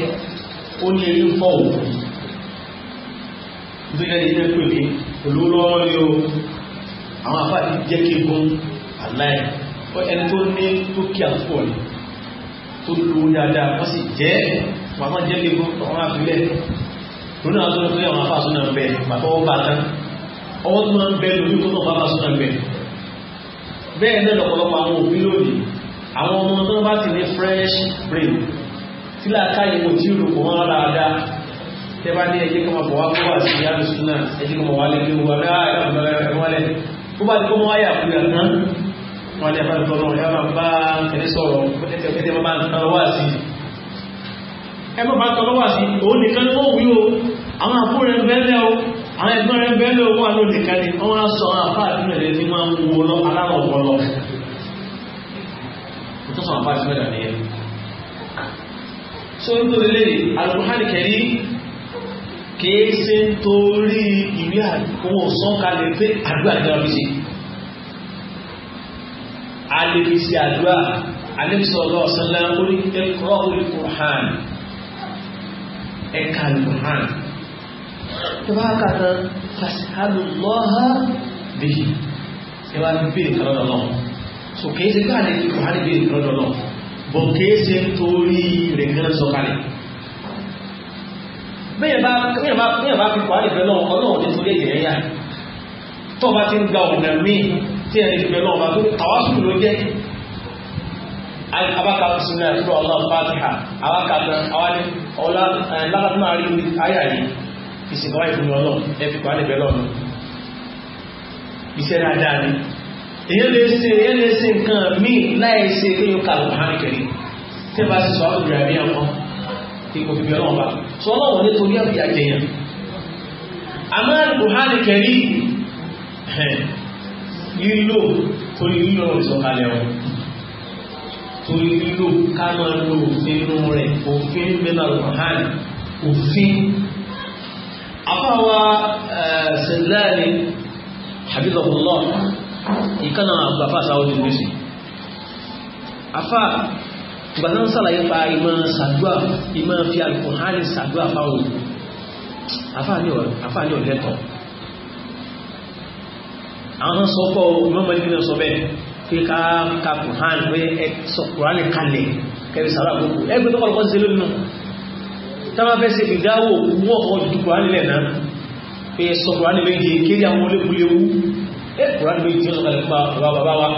ó ní eré ń fọ́ ò nítorí ẹni náà pè mí olówó lọ́wọ́ ni o àwọn afáàdì jẹ́ kí n gún aláì ẹni tó ní dúkìá púpọ̀ ni tó lówó dáadáa wọ́n sì jẹ́ màmá jẹ́ kí n gún àwọn àfilẹ̀ lónà àwọn tó ń pè àwọn afáàsùn náà bẹ̀ bàbá ó bá tán ọwọ́ tó máa ń náà bàbá bẹ́ẹ̀ náà lọ́pọ̀lọpọ̀ àwọn òbí lónìí àwọn ọmọ tó bá ti ní fresh brain tí làákàyè kò tí olùkọ́ wọn dáadáa tẹ́ bá ní ẹjẹ́ kọ́mọ bọ̀ wá kó wà sí yàrá súnà ẹjẹ́ kọ́mọ wà lẹ́nu wà lẹ́nu tó bá gbọ́ wáyà kú yà tán wọn lè bá tọrọ ẹ máa bá kẹlẹ sọ̀rọ̀ ẹtẹkẹtẹ máa bá tọrọ wá sí ẹ máa bá tọrọ wá ni wọn wí o àwọn àbúrò rẹ bẹ́lẹ̀ o àwọn ẹ̀gbọ́n rẹ bẹ́lẹ̀ o wà ló nìkan ni wọn á sọ àwọn àfáà àdúrà rẹ ní máa ń wo lọ so ní tóbi lè Al-Qur'an Karim kìí ṣe torí ìwé àkóhùn sọ́kalẹ̀ pé àdúrà ìjọba fi ṣe alèbi ṣe àdúrà alẹ́bíṣọ́lọ́ ọ̀sánlá orí ẹ̀kọ́ orí Qur'an ẹ̀ka Al-Qur'an tó bá kàtà fàṣàlùmọ́ha bèyí ẹwà bèèrè kọ́lọ́dọ̀ lọ́wọ́ so kìí ṣe pé alèbi Qur'an bèèrè lọ́wọ́ bọ̀ kìí ṣe nítorí rẹ̀ gẹ́rẹ́ sọ̀kalẹ̀ bẹ́ẹ̀ bá fi kọ́ àìfẹ́ lọ́wọ́ ọlọ́run ní torí ẹ̀yẹ̀ yá tó bá ti ń gba ọ̀nà míì tí ẹni fi bẹ̀rẹ̀ ọba tó tàwásù ló jẹ́ abáka sinmi àtúrò ọlọ́run fatiha abáka tán àwọn ọlá lágbàtúmọ̀ àrí ayà yìí ìsìnkú wáyé fún ọlọ́run ẹ fi kọ́ àìfẹ́ lọ́wọ́ iṣẹ́ dáadáa èyàn lè ṣe èyàn lè ṣe nǹkan míì láì ṣe pé yóò kà lóhùn hàn kiri tẹ́ bá ṣe sọ àwọn ìrìn àbíyàn kan ipò bíbí ọlọ́run bá sọ ọlọ́run nítorí àbí àjẹyàn àmọ́ lóhùn kiri lílò torí lílò ìsọ̀kalẹ̀ wọn torí lílò ká máa lo òfin nínú rẹ̀ òfin mẹ́ta lóhùn hàn òfin àbáwa ṣẹlẹ́ni habibullah ìkànnà àgbàfà sáwọ́dì lùsì afá ìgbàná ń sàlàyé pa ìmọ̀ sàdúà ìmọ̀ fi alùpùhánì sàdúà fáwọn afá ní ọ̀lẹ́tọ̀ àwọn sọ́pọ̀ mọ́mọ́lẹ́bí náà sọ bẹ́ẹ̀ pé ká ka kùhán pé ẹ sọ kùránì kalẹ̀ kẹrì sàrà gbogbo ẹgbẹ́ tó kọ́lọ́kọ́ sí lónìí táwọn fẹ́ ṣe ìdáwó wọ́n ọdún kùránì lẹ̀ náà pé ẹ kùrán méjì tí ó sọ̀kalẹ̀ fún wa bàbá wa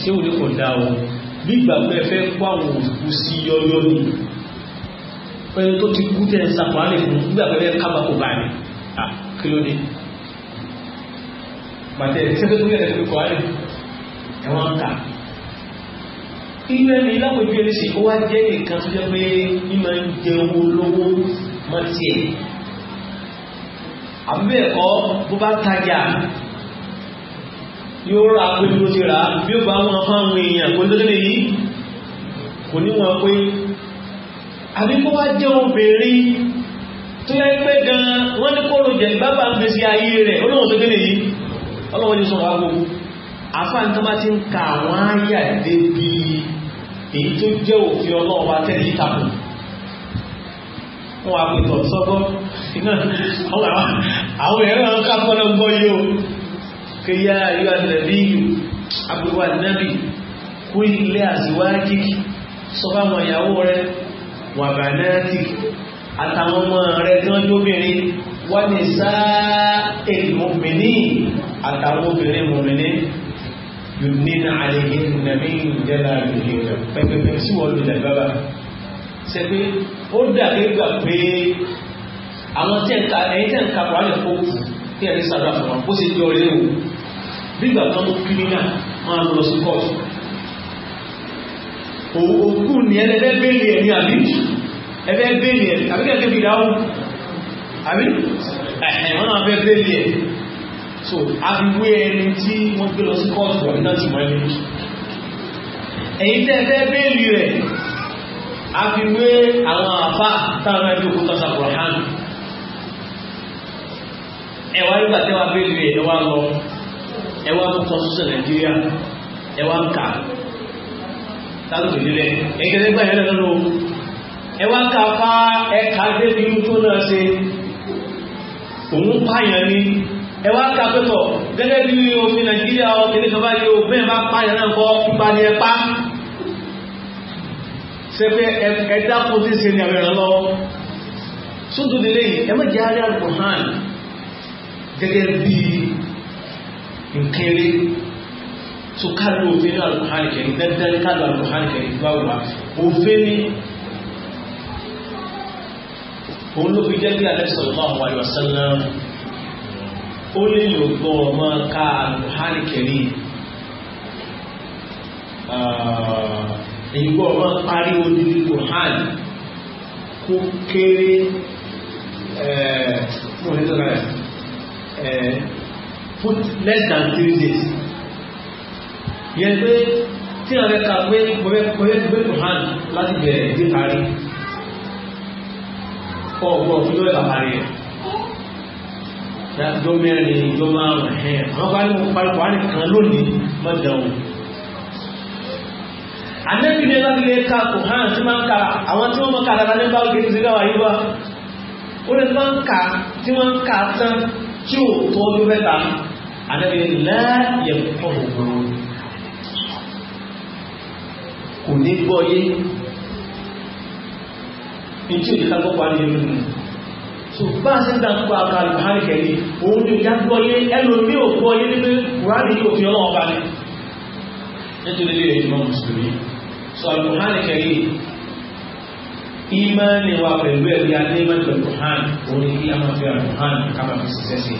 ṣé wò ní kò dá o bí ìgbà pé ẹ fẹ́ kó àwọn òkú sí yọ́yọ́ ni ẹni tó ti kú tẹ́ ń sa kùrán lè fún nígbà pé ẹ kábà kò bá ní à kí ló dé bàtẹ ṣẹ́fẹ́ tó yẹ kí kùrán lè ẹ wọ́n kà ilé ẹni lápẹjú ẹni sì ó wá jẹ́ nìkan tó jẹ́ pé mímọ ń jẹ owó lówó mọ́ àbí bẹ́ẹ̀ kọ́ bó bá tajà yóò ra pé bí ó ti rà bí ó bá wọn fáwọn èèyàn kò ní lókè yìí kò ní wọn pé àbí kó wá jẹ́ obìnrin tó yẹ pé gan wọ́n ní kóró jẹ̀ bábà ń fèsì ayé rẹ̀ olóhùn tó kéde yìí ọlọ́wọ́n ti sọ̀rọ̀ àgbo àfáà tó bá ti ń ka àwọn áyà débi èyí tó jẹ́ òfin ọlọ́wọ́ wa tẹ́lẹ̀ wọn àpètọ̀ sọ́gbọ́n náà àwọn èèyàn náà ká fọ́nà gbọ́ yìí o kí yá ayọ́ ànàbí yìí àbúrò ànàbí kú ilé àzíwájì sọfá mọ ìyàwó rẹ wà bànáàtì àtàwọn ọmọ rẹ tí wọ́n jóbìnrin wọ́n ní sáà èlùmọ̀mìnì àtàwọn obìnrin mọ̀mìnì yóò ní àlejò nàmí ìjẹ́lá àgbègbè pẹ̀pẹ̀pẹ̀ ó dàgbé gbà pé àwọn tí ẹ̀ka ẹ̀yìn tẹ̀ ń ka kura lè kó kù kí ẹ̀rí sàdúrà fún wọn kó sì di ọ̀rẹ́ wò bí ìgbà kan kírímínà máa lọ sí kọ́ọ̀tù òkú ni ẹlẹ́fẹ́ bẹ́ẹ̀lì ẹ̀ ní àbí ẹfẹ́ bẹ́ẹ̀lì ẹ̀ àbí kẹ́kẹ́ bí ìdáwó àbí ẹ̀hẹ̀ wọn náà fẹ́ bẹ́ẹ̀lì ẹ̀ so àfiwé ẹni tí wọ́n gbé lọ sí kọ́ọ̀tù wọ̀ nígbà tí wọ́n lè ẹ̀yìn tẹ́ fẹ́ bẹ́ẹ̀lì rẹ̀ àfiwé àwọn àfá táwọn ẹgbẹ́ òkúta sàkùrọ̀ hàn ẹwà nígbà tẹ́wà bẹ́ẹ̀lì ẹwà lọ ẹwà tó sọ́sọ́ nàìjíríà ẹwà ń kà tálùkù nílẹ̀ ẹgbẹ̀rẹ̀ gbà yẹn lọ́nà ẹwà ń kà fá ẹ̀ka débi tó náà ṣe òun pààyàn ni ẹwà ń kà pẹ́tọ̀ gẹ́gẹ́ bí òfin nàìjíríà ọkùnrin kan bá yọ bẹ́ẹ̀ bá pààyàn náà kọ́ pípa ni ẹ pa sẹ́pẹ́ ẹ̀dá kó tí ń ṣe ní àwọn ìrànlọ́wọ́ sódò nílẹ̀ yìí ẹ gẹ́gẹ́ bí nkéré tó kálù òfin ní alùpùhánì kẹrin dandan ní kálù alùpùhánì kẹrin tó bá wà òfin ní òun ló fi jẹ́ bí sallallahu alaihi wasallam ó lè lò gbọ́ ọmọ ká alùpùhánì kẹrin ah, èyí gbọ́ ọmọ parí odidi kùhán kó kéré ẹ̀ẹ́ mọ̀ nítorí Eh, put less than three days yẹn pé tí a fẹ́ ka pé mo fẹ́ mo fẹ́ gbé Quran láti bẹ̀rẹ̀ dé parí kọ́ ọ̀gbọ́n fún lọ́wọ́ ìbàparí rẹ̀ jọ mẹ́rin jọ márùn-ún ẹ̀hẹ́n àwọn bá ní mo parí Quran kan lónìí má dẹ̀wọ̀n anabi ní ẹlá nílé ká Quran tí máa ń ka àwọn tí wọ́n máa ń ka dáadáa ní báwo kì í ti rí káwá yìí wá ó lè máa ń ka tí wọ́n ń ka tán tí ò tó ọdún mẹ́ta ànábi láàyè fọwọ́ kò ní gbọ́ yé ntí òjì kágbọ́ pa ní ẹnu so bá a ṣe ń dàgbà àkàrà ìbáhárì kẹ́lí òun ni ìyá gbọ́ yé ẹlòmí ò gbọ́ yé nínú kùránì yóò fi ọlọ́wọ́ balẹ̀ nítorí ilé ìmọ̀ mùsùlùmí so àlùkùránì kẹ́lí ìmánì wa pẹ̀lú ẹ̀rí anẹ́mẹ́tò Al-Qur'an orí kí a máa fi Al-Qur'an kama fi ṣiṣẹ́ sí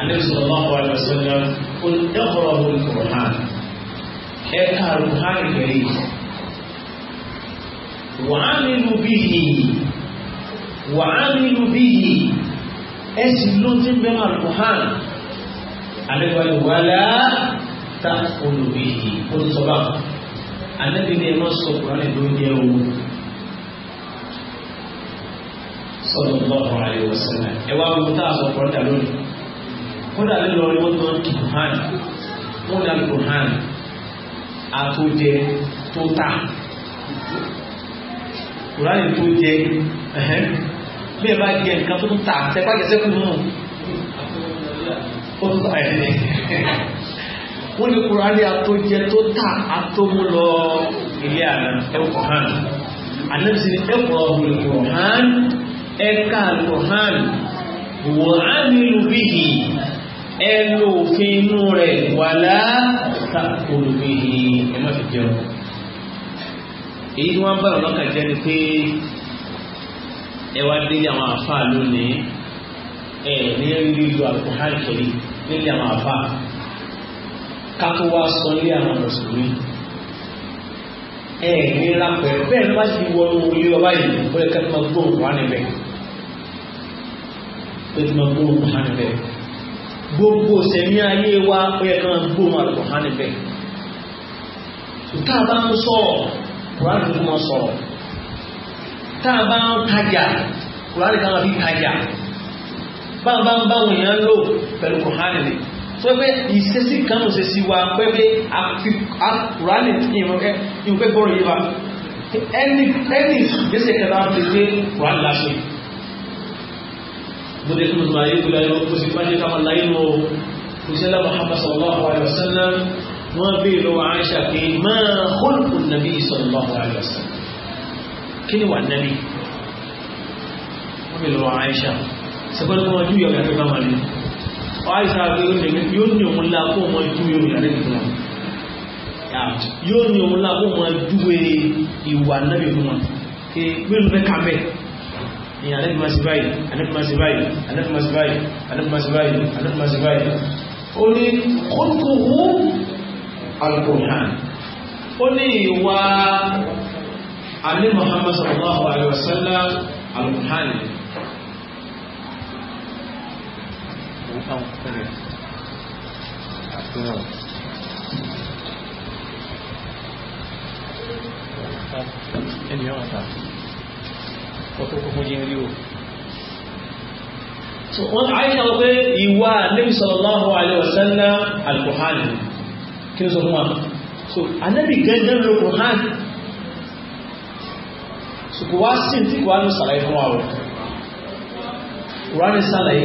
anẹ́sọ̀rọ̀ lọ́wọ́ àlọ́sọ́nà olùdókòrò Al-Qur'an ẹ̀ka Al-Qur'an kẹrì wa'amilu bihi wa'amilu bihi ẹ̀sìn ló ti bẹ́ẹ̀ Al-Qur'an alẹ́ wàlá tá olùbíyì olùsọ̀bà ànábì ni ẹ̀rọ sọ kùránì ló jẹ́ o sọ̀rọ̀ bọ́ ọ̀rọ̀ àyè wọ̀sẹ̀lẹ̀ ẹ wá wọn tá a sọ kùránì dà lónìí kódà lílọ ni wọ́n tó ń kì hàn wọ́n dà lù hàn àtòjẹ tó tà kùránì tó jẹ bí ẹ bá jẹ nǹkan tó ń tà tẹ́pá jẹ sẹ́kù nù ó tó tà ẹ̀ wọ́n ní kúránì àtòjẹ tó tà àtòmú lọ ilé àná ẹ̀kọ́ hàn ànábìsí ni ẹ̀kọ́ ọ̀hún ẹ̀kọ́ hàn ẹ̀ka ẹ̀kọ́ hàn wọ́n á nílùú bíyì ẹnu òfin inú rẹ̀ wàlá olùbí ẹ má fi jẹun èyí tí wọ́n bá ọ̀nà kan jẹ́ ni pé ẹ wá délé àwọn àfáà lónìí ẹ ní lílo àkùnhàn kiri nílé àwọn àfáà ká tó wá sọ ilé àwọn mùsùlùmí ẹ ní lápẹ bẹ́ẹ̀ ló bá ti wọnú ilé ọba yìí ó yẹ ká tó máa gbóhùn wá níbẹ̀ ó yẹ ká máa gbóhùn gbogbo sẹmí ayé wa ó yẹ ká máa gbóhùn àlùkò tá a bá ń sọ̀rọ̀ kùránì tó máa sọ̀rọ̀ tá a bá ń tajà kùránì kan máa fi tajà bá a bá ń bá wọn yẹn lò pẹ̀lú kùránì nìyí tó pé ìṣesí kan ló ṣe sí wa pé pé àkùránì ìrọ̀kẹ́ ìrọ̀kẹ́ gbọ́rọ̀ yìí wa ẹni ẹni ìgbésẹ̀ kẹta ti gbé kùránì láṣẹ lórí ẹkùn tó máa yé kúlẹ̀ ẹ̀rọ kó sì pàdé káwọn láyé lọ òṣèlú Muhammad sallallahu alaihi wasallam wọn bí lọ́wọ́ Aisha pé máa hólùkù nàbí sallallahu alaihi wasallam kí ni wà nàbí wọn bí lọ́wọ́ Aisha pé ó ṣe yóò ní òun la kó mọ ju yorùbá yàrá ìlú wọn yóò ní òun la kó mọ júwe ìwà nábì fún wọn pé pé ló fẹ́ kà bẹ́ẹ̀ ni anabi ma ṣe báyìí anabi ma ṣe báyìí anabi ma ṣe báyìí ó ní kókòwò alukurhan ó ní ìwà alẹ́ Muhammad sallallahu alayhi wa sallam alukurhan busca un premio. Así no. Ẹni ọ̀rọ̀ ta, ọkọ̀ kúkú yẹn rí o. Wọ́n àìṣà alaihi wasallam al-Qur'an kí ní So, Ànábì gẹ́gẹ́ ló Qur'an. So, kò wá sí tí kò wá ní sàlàyé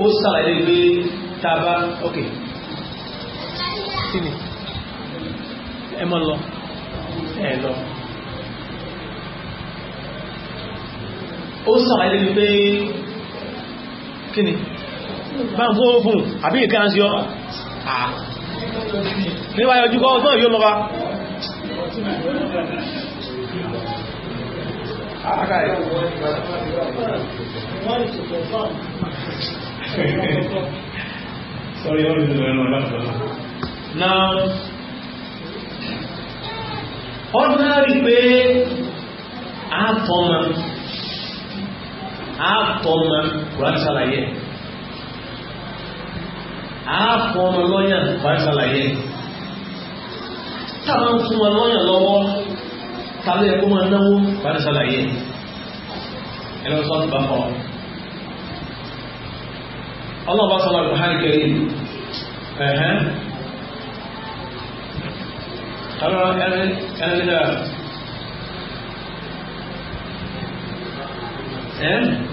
ó sàlàyé pé tàbá ok kíni ẹ mọ́ lọ ẹ lọ ó sàlàyé pé kíni bá ń fún ogun àbí ìkan sí ọ níwá yọjú kọ́ ọ̀tọ́ yóò lọ́wọ́ Wọ́n ni ṣe Sorry, all is well, not well. Now, ordinary pé a fọmọ a fọmọ kùrán ṣàlàyé a fọmọ lọ́yà kùrán ṣàlàyé táwọn ń fún wọn lọ́yà lọ́wọ́ tàbí ẹ̀kọ́ máa náwó kùrán ṣàlàyé ẹ̀rọ sọ́ọ̀tù bá fọ́ ọ. الله بقى صلى القرآن الكريم أها أنا أنا أنا إذا أم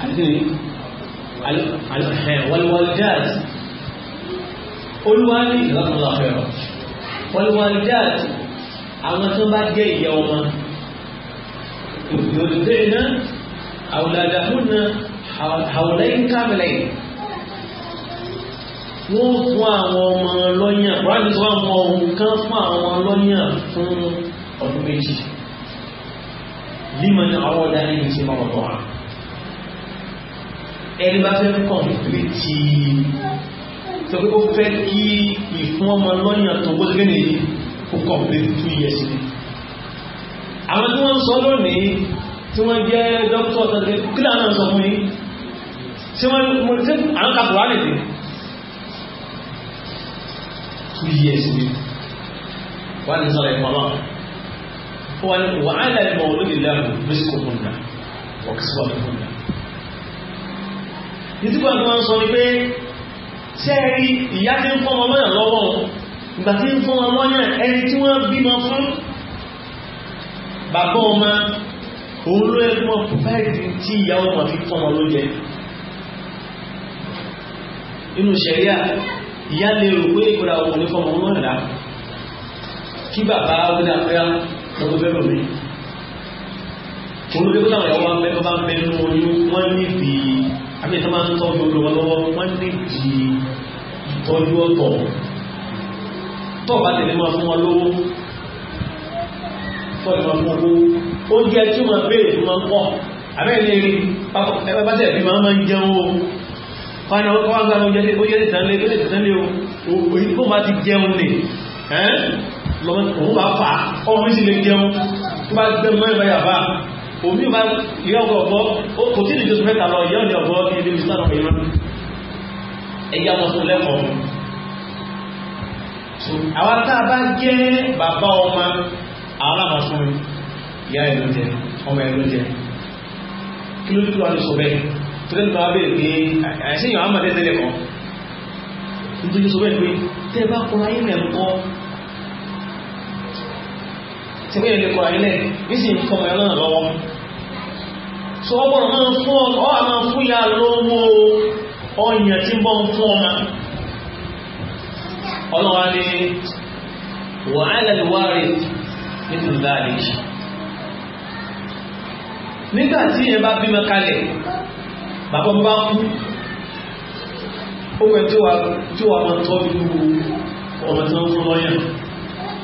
عارفين على الخير والوالدات والوالد جزاكم الله خيرا والوالدات àwọn tó bá jẹ́ ìyá ọmọ yòlùdẹ́nà àwùlàdàmúnà àwùlẹ́ńkàmìlẹ̀ wọ́n fún àwọn ọmọ lọ́yàn bọ́lájú tó wà mọ ohun kan fún àwọn lọ́yàn fún ọdún méjì límọ̀ ní àwọn ọ̀dà ní ìṣe máa wọ̀ wá ẹni bá fẹ́ kọ̀ǹpìlìtì tó pé ó fẹ́ kí ìfún ọmọ lọ́yàn tó gbọ́dọ̀ gẹ́gẹ́ nìyí ó complete two years ni àwọn tí wọ́n ń sọ lónìí tí wọ́n jẹ́ dókítà tàbí kí láwọn náà sọ fún yín tí wọ́n mọ̀ tí àwọn kàkùrá lè dé two years ni wọ́n ní sọ̀rọ̀ ẹ̀kọ́ náà wọ́n ní wàhálà ìmọ̀ olódìlẹ́rù bísíkò fún náà ọ̀kísọ̀ fún náà nítorí wọn sọ ni pé ṣẹ́ẹ̀rí ìyá tí ń fọ́mọ mọ́yàn lọ́wọ́ ìgbà tí ń fún wọn lọ́yàn ẹni tí wọ́n bímọ fún bàbá ọmọ òun ló ẹgbẹ́ wọn pòfáìtì tí ìyàwó wọn fi fún wọn lóúnjẹ inú ṣẹ̀ríà ìyá lè rò pé ìkọ́ra ọmọ ní fọmọ wọn rà kí bàbá wọlé àfẹ́yà lọ́gbọ́n bẹ́ẹ̀ lómi olùdókòwò táwọn ìyàwó wọn bẹ́ẹ̀ bá ń bẹ́ẹ̀ nù wọn ní bí àbí ìtọ́jú ọ̀tọ̀ tó bá tẹ̀lé máa fún wọn lówó tó lè máa fún wọn lówó oúnjẹ tí wọn béèrè fún wọn pọ̀ máa ń jẹun o fáná ọkọ̀ wá gbára o kò tí ì mẹ́ta lọ ìyá ọgbọ ọgbọ ibi ìsúná ọgbọ ìran ọmọ sọ lẹ́kọ̀ọ́ àwa tá a bá jẹ́ bàbá ọmọ àwọn làwọn fún mi ìyá ẹ̀ ló jẹ ọmọ ẹ̀ ló jẹ kí ló dúró àlùsọ bẹ́ẹ̀ tó lẹ́nu bá bẹ̀rẹ̀ pé àìsí ìyàn àmọ̀dé tẹ́lẹ̀ kan nítorí sọ bẹ́ẹ̀ pé tẹ́ bá kọ́ra yín lẹ̀ ń kọ́ tẹ́gbẹ́ yẹn lè kọ́ra yín lẹ̀ nísìnyí ń fọmọ ẹ̀ lọ́nà lọ́wọ́ sọ ọ́ bọ̀rọ̀ máa ń fún ọ àmọ́ fún ya lówó ọyàn tí ń bọ́ ń fún ọmọ ọlọ́wà ní wàhálà ìwárí nítorí dáadéjì nígbà tí yẹn bá bímọ kalẹ̀ bàbá bá kú ó pẹ̀ tí wà tí wà máa tọ́ bí ọmọ tí wọ́n fún lọ́yàn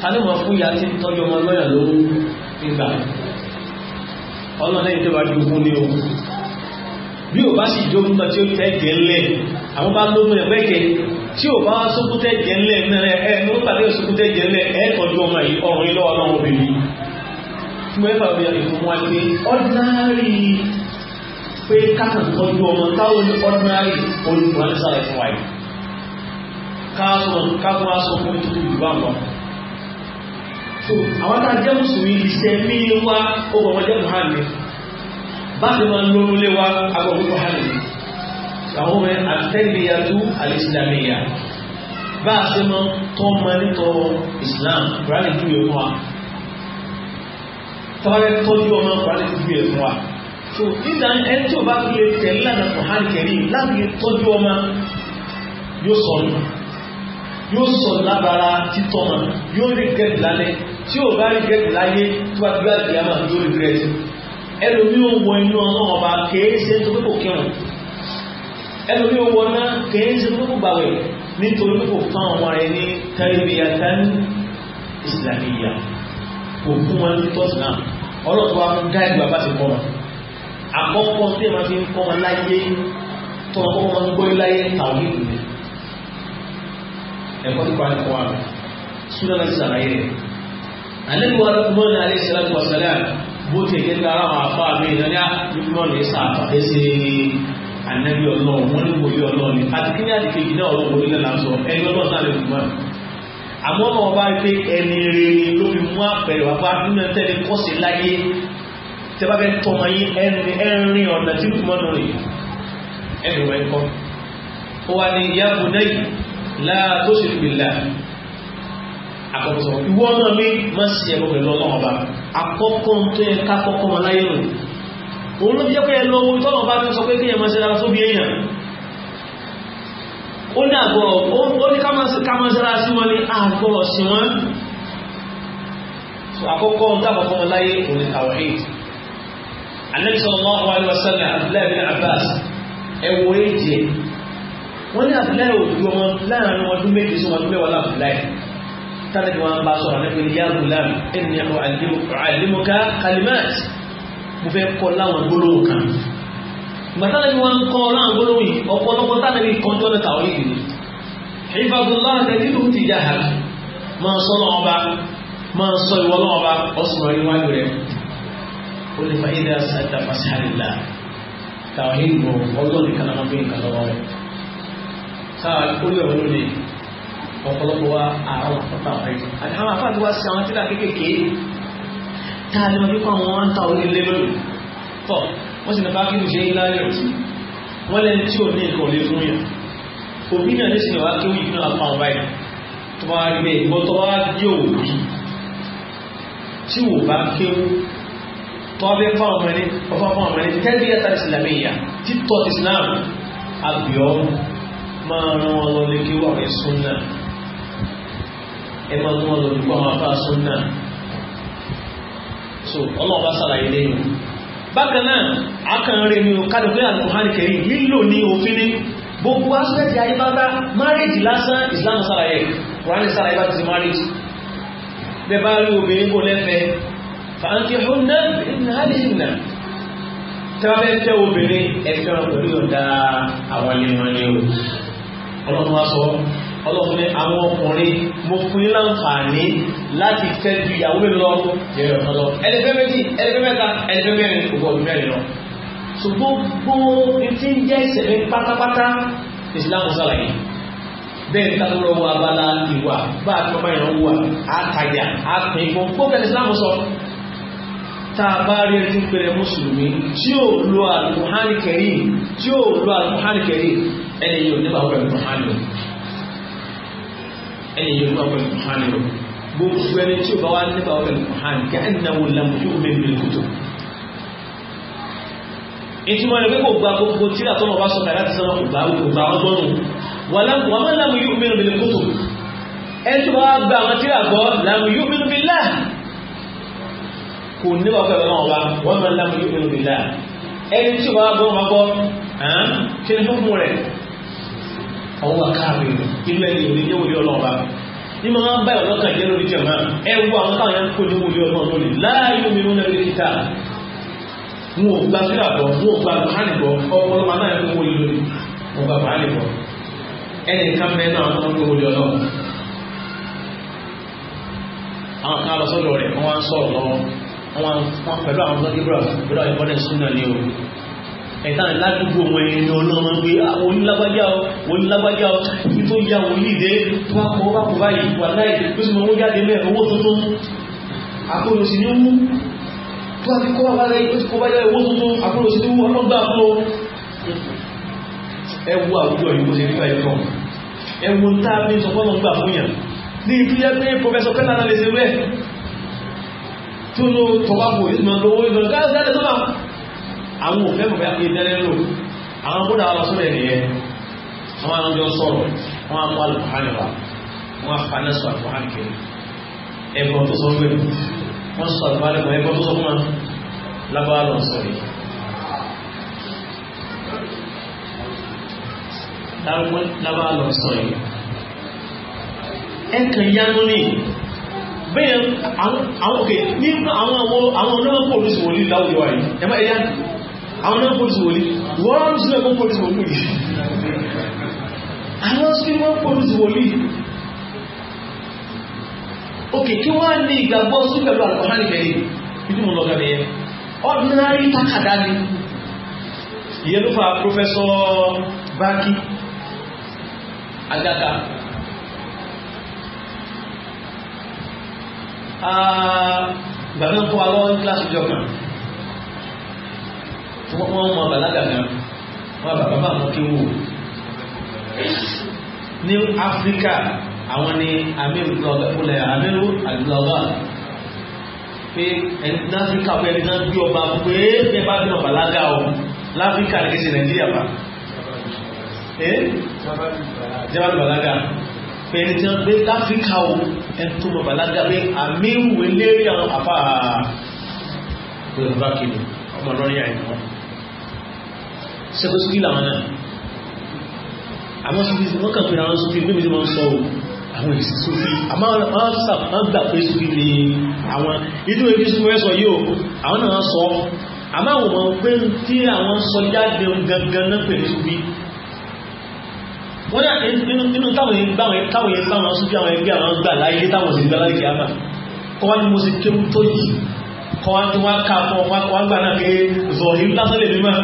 ta wọ́n fún ìyá tí ń tọ́jú ọmọ lọ́yàn lówó nígbà ọlọ́nà ìjọba jogún ní ohun bí o bá sì jó nǹkan tí ó tẹ́ gẹ̀ ńlẹ̀ àwọn bá ló mú ẹgbẹ́ gẹ̀ tí o bá sókú tẹ́ gẹ̀ ńlẹ̀ náà ẹ ní ó pàdé òsókú tẹ́ gẹ̀ ńlẹ̀ ẹ tọ́jú ọmọ yìí ọrùn ilé ọlọ́run obìnrin tí mo fẹ́ bí ẹ̀kọ́ wọn pé ordinary pé kákan tọ́jú ọmọ táwọn ní ordinary olùkọ́ ní sáré fún wa yìí káàkùn aṣọ fún ìtúkú ìdúbà wọn so àwọn tá a jẹ́ mùsùlùmí ìṣẹ́ mi wá ó wọ́n jẹ́ muhammed báyìí máa ń lóorun lé wa agbọ̀gbọ̀ hàn ní àwọn ọmọ àtẹ́lẹ̀yàtú àlìsílámẹ̀yà bá a ṣe máa ń tọ́ nítọ́ Islam kùránì ju yẹ fún wa tọ́lẹ̀ tọ́jú ọmọ kùránì ju yẹ fún wa tó nígbà ẹni tí o bá fi lè tẹ̀lé lànà kùránì kẹ̀lé láti lè tọ́jú ọmọ yóò sọnù yóò sọnù lábara títọ́ ọmọ yóò rí gẹ̀ẹ́dì lálẹ́ tí o bá rí gẹ̀ẹ́dì láyé tó bá gbé àgbéyàmà yóò rí gẹ̀ẹ́dì ẹlòmí ò wọ inú ọlọ́run ọba kèé ṣe tó kókò kírun ẹlòmí ò wọ náà kèé ṣe tó kókò gbàwẹ̀ nítorí kò fún àwọn rẹ̀ ní tarbiyatan islamiyya kò fún wọn ní tọ́sí náà ọlọ́run wa dá ìgbà bá ti kọ́ wọn àkọ́kọ́ tí èèyàn fi ń kọ́ wọn láyé tó wọn kọ́ wọn gbọ́ láyé tàwọn ìlú ẹ̀kọ́ tó kọ́ àti wọn súnà bó ti ẹ̀jẹ̀ tí ara máa fà mí ìdáni àdúgbò ní sàtà ẹsẹ̀ ànábì ọlọ́run wọn ní kò yí ọlọ́run àti kí ní àdìkejì náà ọ̀rọ̀ òwe náà sọ ẹni ọlọ́run náà lè fún wa. àmọ́ ọmọ ọba rí pé ẹni rere ló fi mú àpẹẹrẹ wá bá nínú tẹ́lẹ̀ kọ́sì láyé tẹ́ bá fẹ́ tọmọ yín ẹni ọ̀nà tí ló fi rè ẹni wẹ̀ kọ́. ó wà ní ìyá àkọ́kọ́ ìwọ náà mi má sí ẹ̀rọ pẹ̀lú ọlọ́wọ́ bá àkọ́kọ́ tó yẹ ká kọ́kọ́ wọn láyé nù òun ló fi jẹ́ pé ẹ lọ owó tọ́lọ̀ bá fi sọ pé kéèyàn máa ṣe dára sóbi èèyàn ó ní àgọ́ ó ní ká máa sí wọn ní àgọ́ sí wọn àkọ́kọ́ ń dábọ̀ fún wọn láyé òun ní tawhid Ànábì sallallahu alaihi wasallam Abdullahi Abbas ẹ̀wọ̀ èjì wọ́n ní Abdullahi òdu ọmọ láàrin ọdún méje sí ọdún mẹ́wàá tánàbí wọn bá sọ̀rọ̀ nípa ya gulam inni u'allimuka kalimat mo fẹ́ kọ́ láwọn gbólóhùn kan gbàtánàbí wọn kọ́ láwọn gbólóhùn yìí ọ̀pọ̀lọpọ̀ tánàbí kọjọ́ lẹ́ta orí ìdìní ìfàdùnláà tẹ̀lú ti jáhà máa sọ náà ọba máa sọ ìwọ náà ọba ọ̀sùnmọ̀ níwájú rẹ̀ ó lè fa ilẹ̀ ọ̀pọ̀lọpọ̀ wa àwọn àpáta ọ̀rẹ́ àtàwọn àpáta wa sí àwọn tíra kéékèèké tá a lè máa fi kọ́ àwọn wọn ta orí lé lórí tọ́ wọ́n sì ní báàkì ìṣe ìlànà ọ̀tí wọ́n lẹ́ni tí ò ní nǹkan lè fún yàn òbí náà lè sì ní wá kéwì nínú apá ọ̀rá yìí tó bá rí bẹ́ẹ̀ ìbọn tó wá dé òbí tí wò bá kéwù tó wá bẹ́ fún ọmọ ẹni ọfọ́ fún ọmọ ẹni tẹ́lẹ̀ yàtà ìsìlámẹ́yà títọ́ ìsìlámù àbíọ́ máa rán wọn lọ lé kéwù àwọn ẹ̀sùn náà ẹ máa mú ọlọ́dún kọ́ máa fa súnà so ọlọ́ọ̀bá sàlàyé lẹ́yìn bákan náà akànrin mi ò kálù pé àlùkùnrin kẹrin lílò ní òfin ní gbogbo aspect ayé bá marriage lásán Islam sàlàyé Kùránì sàlàyé bá ti marriage bẹ́ẹ̀ bá rí obìnrin kò lẹ́fẹ̀ẹ́ fàáńkì húnná ìnáhálì ìnà tẹ́wàá tẹ́ obìnrin ẹ̀fẹ́ ọ̀pẹ̀lú ọ̀dá àwọn ilé wọn ni ọlọ́run ní àwọn ọkùnrin mo fún yín láǹfààní láti fẹ́ ju ìyàwó mi lọ jẹ̀rọ kan lọ ẹlẹfẹ́ méjì ẹlẹfẹ́ mẹ́ta ẹlẹfẹ́ mẹ́rin ògbọ́n ọdún mẹ́rin lọ. so gbogbo ti ń jẹ́ ìṣẹ̀lẹ̀ pátápátá ìsìláàmù sàlàyé bẹ́ẹ̀ ní kátó lọ́wọ́ abala ìwà bá a tọ́ báyìí lọ́wọ́ àtàjà àpín ìbọn gbọ́dọ̀ ìsìláàmù sọ tá a bá rí ẹtí pẹrẹ mùsùlùmí tí ó lo àlùkùhánì kẹrí tí ó lo àlùkùhánì kẹrí ẹni yóò nípa ọ̀rọ̀ ẹni yóò ní ọkọ̀ ìmọ̀hánì rẹ̀ gbogbo ẹni tí ó bá wá nípa ọkọ̀ ìmọ̀hánì kí ẹni náà wò lẹ́mú yóò mẹ́ mi kútó. ìtumọ̀ rẹ̀ pé kò gba gbogbo tí àtọ́ ọba sọ kàrá ti sọ kò gba kò gba ọgbọ́n nù wà má lámù yóò mẹ́ mi kútó ẹni tí wọ́n gba àwọn tí àgbọ̀ lámù yóò mẹ́ mi lá kò ní ọkọ̀ ìmọ̀hánì àwọn wà káàrin irú ẹni òní jẹ́ wòlé ọlọ́ọ̀ba ní ma máa ń báyọ̀ lọ́kàn jẹ́ lórí jẹ̀ máa ẹ wo àwọn táwọn yẹn ń kó ní wòlé ọlọ́ọ̀ lónìí láàyò mi wọn lórí kíta wọn ò gba sílà bọ̀ wọn ò gba kánì bọ̀ ọpọlọpọ náà ń wòlé lórí wọn gba kánì bọ̀ ẹnì kan bẹ́ẹ̀ náà wọn ń wòlé ọlọ́ọ̀ àwọn kan lọ sọ́dọ̀ rẹ̀ wọ́n ẹ̀ta ládùúgbò wọn ẹni ọlọ́mọ pé onílágbájá ọ onílágbájá ọ ní tó yá wọn nídé tó wá kọ́ wá báyìí wà láì tó sì mọ́ jáde mẹ́ owó tuntun akóyò sí ní wú tó wá fi kọ́ wá láì tó sì jáde owó tuntun akóyò sí ní wú ọlọ́gbà fún ẹ wo àwùjọ yìí kò sí nípa ẹ̀kọ́ ẹ wo tá a fi sọ fọ́nà gbà fún yàn ní ìtúyẹ́ pé pọfẹsọ kẹta àwọn òfẹ́ mọ̀ bẹ́ẹ̀ dẹ́rẹ́ lò àwọn kódà wọn sọ̀rọ̀ ẹ̀nìyẹn àwọn àwọn jọ sọ̀rọ̀ wọn á kó alùpùpù wa wọn á fa náà sọ àlùpùpù hàn kiri ẹ̀gbọ́n tó sọ fún mi wọ́n sọ àlùpùpù hàn kiri ẹ̀gbọ́n tó sọ fún wa lábàá lọ sọ̀rọ̀ yìí. láwọn lábàá lọ sọ yìí ẹkàn yánú ní bẹ́ẹ̀ àwọn òkè ní àwọn àwọn ọlọ́pọ̀ olóṣèwò ní láwùjọ wáyé ẹmọ́ ẹ̀yá àwọn náà polisi wòlí wọ́n sílẹ̀ kó polisi wòlí àwọn sílẹ̀ kó polisi wòlí òkè kí wọ́n ní ìgbàgbọ́ sí pẹ̀lú àlùkọ́nà nìkẹ́yìn bí mo lọ́gà nìyẹn ordinary takada ni ìyẹn professor Baki Agata ah, gbàgbọ́n fún wa lọ́wọ́ ní kíláàsì ìjọ kan tí wọ́n mọ́ wọn bàlágà kan wọn bàbá bá wọn kéwò ní áfíríkà àwọn ni amíru lọ́gbẹ̀kúnlẹ̀ amíru àdúlọ́gbà pé ẹni ní áfíríkà pé ẹni náà bí ọba pé pé bá bí ọba lága o láfíríkà ní kìsì nàìjíríà bá ẹ́ jẹ́wàá bàlágà pé ẹni tí wọ́n gbé láfíríkà o ẹni tó mọ̀ bàlágà pé amíru eléyà àfà ọba kìnnì ọmọ lọ́rí àìmọ́ ṣẹ́kọ́ sí kílà wọn náà àwọn sùfí wọ́n kàn pé àwọn sùfí níbi tí wọ́n sọ o àwọn èsì sùfí àmọ́ àwọn sàp wọ́n gbà pé sùfí ni àwọn ìdúró ibi sùfí wọ́n sọ yìí o àwọn náà sọ àmọ́ àwọn ọmọ pé tí àwọn sọ jáde gangan náà pè ní sùfí wọ́n yà nínú táwọn ìgbàwọn táwọn ìgbàwọn sùfí àwọn ẹgbẹ́ àwọn gbà láyé táwọn sì gbà láyé kìámà kọ́ wá ní mo sì kéwú tó yìí kọ́ wá ní wá ká fún wá gbà náà pé zọ̀ọ̀hìn lásán lè mímọ́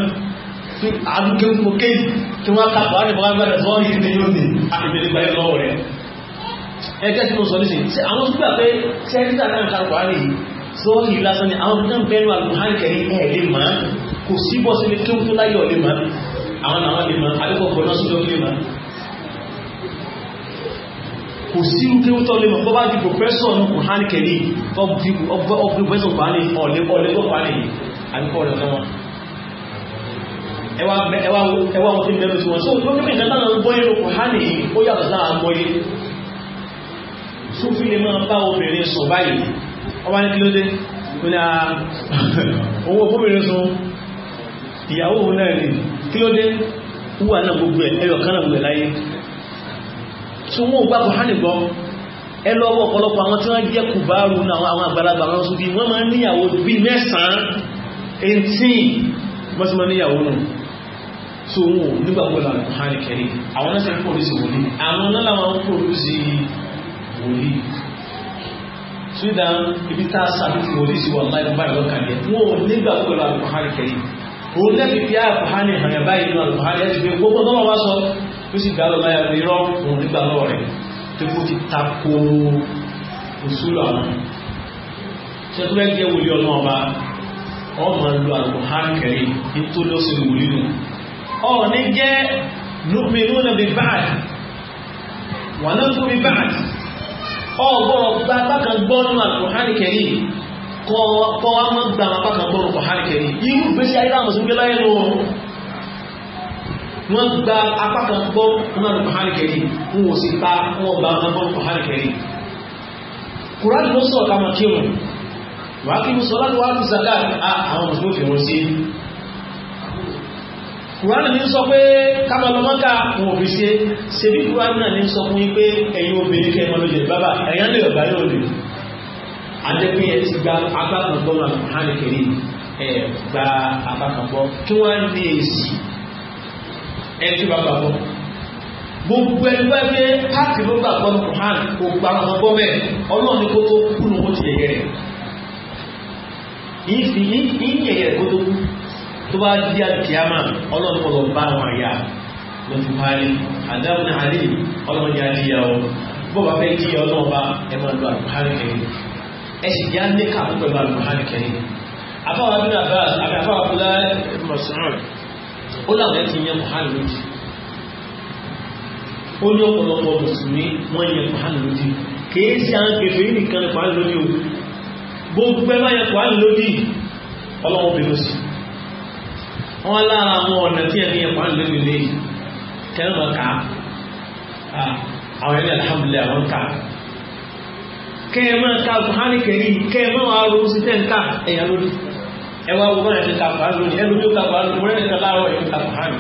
tí àdúgbò kò kéyì tí wọ́n kà wọ́n nípa gbàgbà lọ́wọ́ yìí ní yóò ní àbẹ̀lẹ̀ gba ẹ̀ lọ́wọ́ rẹ̀. ẹgbẹ́ tí mo sọ nísìnyí tí àwọn tó gbà pé sẹ́ńtítà náà kà wọ́n rí sọ́ọ́ yìí lásán ni àwọn tó ń bẹ́nu àlùhàn kẹ́yìn ẹ̀ lè má kò sí bọ́ sí kí wọ́n tó láyọ̀ lè má àwọn àwọn lè má àdúgbò kò náà sójọ́ lè má. kò sí kí wọ́n tọ́ lè má bọ́ bá di pòfẹ́sọ̀ ní kùhán kẹ́yìn ọ̀gbìn pòfẹ́sọ̀ kùhán ní ọ̀lẹ́kọ̀ọ́lẹ́kọ̀ọ́ ẹwà wọn tí mẹ́rin tí wọ́n sọ tó kí ìjọba náà gbọ́ nínú kùhánì yìí ó yàtọ̀ sáà mọ́lé súnfí lè máa bá obìnrin sọ báyìí ọba ní kílódé nígbà owó obìnrin sọ ìyàwó náà ní kílódé wúwà náà gbogbo ẹyọ kan náà gbogbo láyé tí wọ́n gbá kùhánì gbọ́ ẹ lọ́wọ́ ọ̀pọ̀lọpọ̀ àwọn 18 mọ́sí máa níyàwó náà so wọn ò nígbà wọn làwọn hàn kẹrin àwọn náà ṣe ń pọlísì wòlíì àwọn náà làwọn ń pọlísì wòlíì sídà ibi tá a sàbí ti wòlíì sí wọn láì lọ́ba ìlọ́ka yẹ wọn ò nígbà wọn làwọn hàn kẹrin òun lẹ́bi bí àbùhán ní ìhàn yàrá ìlú àbùhán yẹn ti fi gbogbo tó wọn bá sọ ó sì gbà lọ́ba yàrá irọ́ òun nígbà lọ́wọ́ rẹ̀ tó kó ti tako òṣùlọ̀ àwọn ṣẹ́túrẹ́ jẹ́ wòlíì ọlọ́ọ̀ba ọmọ lu ọ̀ní na nu'minuna bi ba'd wa bi ba'd ọgbọ́n gba apákan gbọ́nù al-Qur'ani Karim kọ́ wa mọ́ gba apákan gbọ́nù al-Qur'ani irú ìgbésí ayé láwọn mùsùlùmí láyé lọ wọ́n gba apákan gbọ́nù al-Qur'ani Karim wọn ò sì pa wọn gba apákan gbọ́nù al-Qur'ani Karim Kùránì ló sọ̀rọ̀ ká máa kírun wàá kí mú sọ láti ti kùránì ní sọ pé kábàlọ́mọ́ká wọn òbí sí ṣe bí kùránì náà ní sọ fún yí pé ẹ̀yin obìnrin kẹ́ ẹmọ́lójì bàbá ẹ̀yàn lè ọ̀bá yóò lè adẹ́pín ti gba agbákangbọ́ náà hàní ẹ̀ gba agbákangbọ́ kí wọ́n ní ẹ̀ tí wọ́n gbogbo ẹni bá gbé káàkiri ló gbàgbọ́ kùránì kò tó bá di àkíyàmà ọlọ́run kọ́ lọ bá àwọn àyà ló ti parí àdáhùn náà àlè ọlọ́run yà á di ìyàwó bó bá fẹ́ kí ọlọ́run bá ẹ máa lo àlùkárì kẹrin ẹ sì yá ní kàwé pẹ̀lú àlùkárì kẹrin afáwọn abúlé abẹ́rẹ́ àbí afáwọn abúlé mọ̀sán ó láwọn ẹ ti yan wọ́n lára àwọn ọ̀nà tí ẹ̀mí ẹ̀pá ń lórí lè tẹ́lọ̀mọ̀ ká àwọn ẹ̀mí alhamdulillah àwọn ká kẹ́ẹ̀mọ́ ká buhari kẹ́rì kẹ́ẹ̀mọ́ wa ro sí tẹ́ ń ká ẹ̀yà lórí ẹwà wọ́n rẹ̀ ká buhari lórí ẹlú ló ká buhari lórí rẹ̀ ká láàárọ̀ ẹ̀mí ká buhari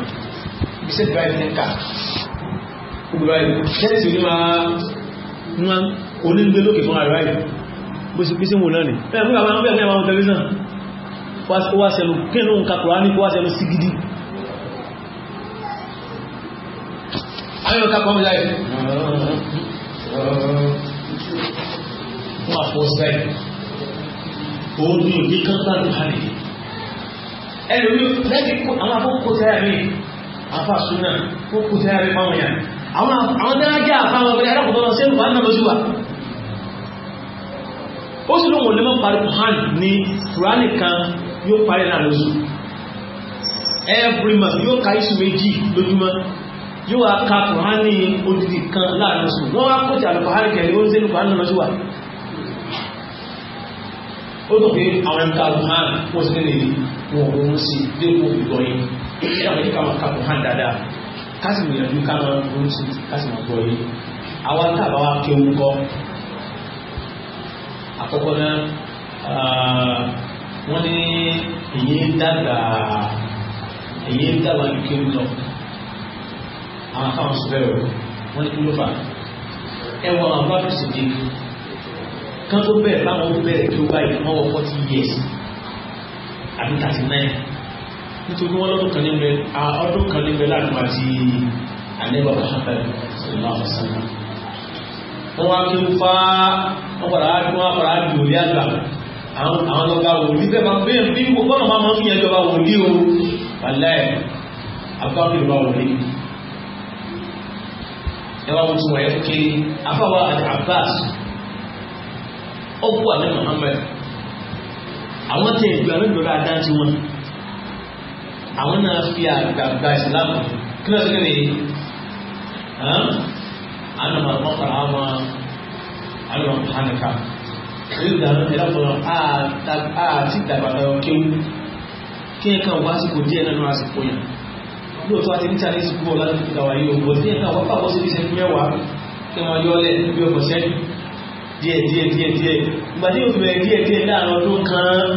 bí sẹ́ buhari ti ń ká jẹ́sì ní máa onígbélókè fún àríwá yìí bó sì pín sí mò náà ni wá sẹ́nu kẹ́lú nǹkan kùránì kó wá sẹ́nu sí gidi ayọ́ ká kọ́ mi láyé wọ́n àfọ́sẹ́ òun ni òní kan bá lù hàn yìí ẹlòmí lẹ́yìn àwọn afọ́kò sẹ́yà mi afa suna kókò sẹ́yà mi fáwọn yà àwọn dájá àfáwọn ọ̀gbẹ̀rẹ̀ ó sì lóun ò mọ́ parí kùhán ní kùránì kan yóò parí náà lóṣù every month yóò ka iṣu méjì lójúmọ́ yóò wá ka kùránì odidi kan láàrin oṣù wọ́n wá kó jà lọ́pàá kẹrin ó ń sẹ́nu kùránì lọ́jọ́ wà ó tó pé àwọn ẹ̀ka kùránì wọ́n sì lè wọ̀ wọ́n sí dépò ìgbọ̀ yìí ṣé àwọn ẹ̀ka wọn ka kùránì dáadáa kásì mú ìyànjú ká máa wọ́n sí kásì máa gbọ́ yìí àwọn tábà wá kéwú kọ́ àkọ́kọ́ náà ah, wọ́n ní èyí dàgbà èyí dàgbà ní kí n lọ àwọn akáwọn sọ bẹ́ẹ̀ o wọ́n ní kí ló fà ẹ wọ àwọn bàbá sì dé kan tó bẹ̀rẹ̀ báwọn ó bẹ̀rẹ̀ tó báyìí wọ́n wọ forty years àbí thirty nine nítorí wọ́n lọ́dún kan níbẹ̀ ọdún kan níbẹ̀ láàrin àti àlẹ́wà Muhammad sallallahu alaihi wasallam wọ́n wá kí n fa wọ́n padà wá kí wọ́n padà dùn ní àgbà àwọn ọlọ́gá wòlí bẹ́ẹ̀ máa bẹ́ẹ̀ bí bọ́ọ̀nà máa máa ń yẹn lọ́ba wòlí o wàláì abáwọ̀lì lọ́ba wòlí ẹ wá wọ́n wọ̀nyẹ́ ké afáwa Abbas ọkú àlẹ́ Muhammad àwọn tẹ̀ ìgbà mélòó rà dá sí wọn àwọn náà fi àgbàgbà ìsìlámù kí ló ṣe kéde àwọn ọmọ ọmọ fara àwọn àwọn ọmọ hànìkà ìlú ìdáná ẹ̀dá fọlọ́ àti ìdàgbàgbà kéwú kí ẹ kàn wá sípò díẹ̀ nínú àsìkò yẹn lóòótọ́ àti níta ní sùkúrò láti fi dàwà yìí ògbò díẹ̀ kàn wọ́n pàbọ́ sí iṣẹ́ mẹ́wàá kí wọ́n yọ ọlẹ́ bí ọkọ̀ sẹ́yìn díẹ̀ díẹ̀ díẹ̀ díẹ̀ ìgbà tí yóò bẹ̀rẹ̀ díẹ̀ díẹ̀ láàrin ọdún kan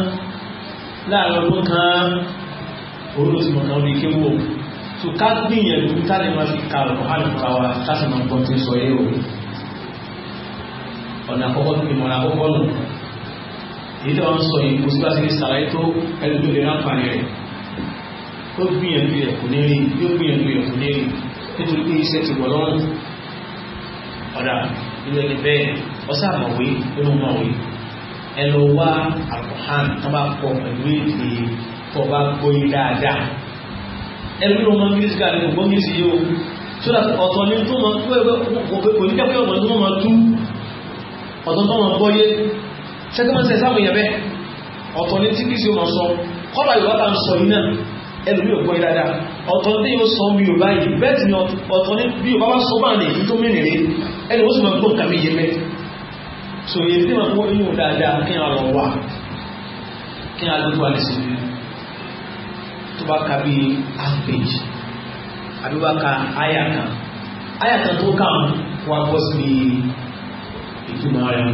láàrin ọdún kan òun ló sì mọ̀ kan bíi kéwò tó ká gbìyànjú ká lè máa ọ̀nà àkọ́kọ́ tó fi mọ̀nà àkọ́kọ́ nù èyí tí wọ́n sọ yìí kò síbáṣe ní sàlàyé tó ẹni tó lè ránfààní rẹ̀ tó gbìyànjú rẹ̀ kò ní rí yóò gbìyànjú rẹ̀ kò ní rí nítorí pé iṣẹ́ ti wọ̀ lọ́rùn ọ̀dà ilé ẹni bẹ́ẹ̀ ọ̀sán àmọ̀wé ló ń mọ̀wé ẹ lọ wá àkọ́hán tó bá kọ pẹ̀lú èdè tó bá gbóyè dáadáa ẹ ló mọ mílíọ̀sì káàdì kò gbọ́ mílíọ̀sì yìí o sódà ọ̀tọ̀ ni tó mọ pé kò ní kẹ́kẹ́ ọ̀mọ̀ tó mọ̀ tú ọ̀tọ̀ tó wọn gbọ́yé ṣẹ́gbẹ́mọ́sẹ̀ sáwọn èèyàn bẹ́ẹ̀ ọ̀tọ̀ ní tí kìí sí o máa sọ kọ́lá yorùbá tá ń sọ yìí náà ẹlòmí ò gbọ́yé dáadáa ọ̀tọ̀ ní yóò sọ mi ò báyìí bẹ́ẹ̀ ti ní ọ̀tọ̀ ní bí yorùbá bá sọ báà nìyí tó mìíràn rí ẹni ó sì máa gbọ́ nǹkan mi yé mẹ́ so èyí tí máa wọ́n yóò dáadáa a lọ wà kí a lọ́dún alẹ́ sí tó bá ka bí half ìtumọ̀ rẹ̀ ni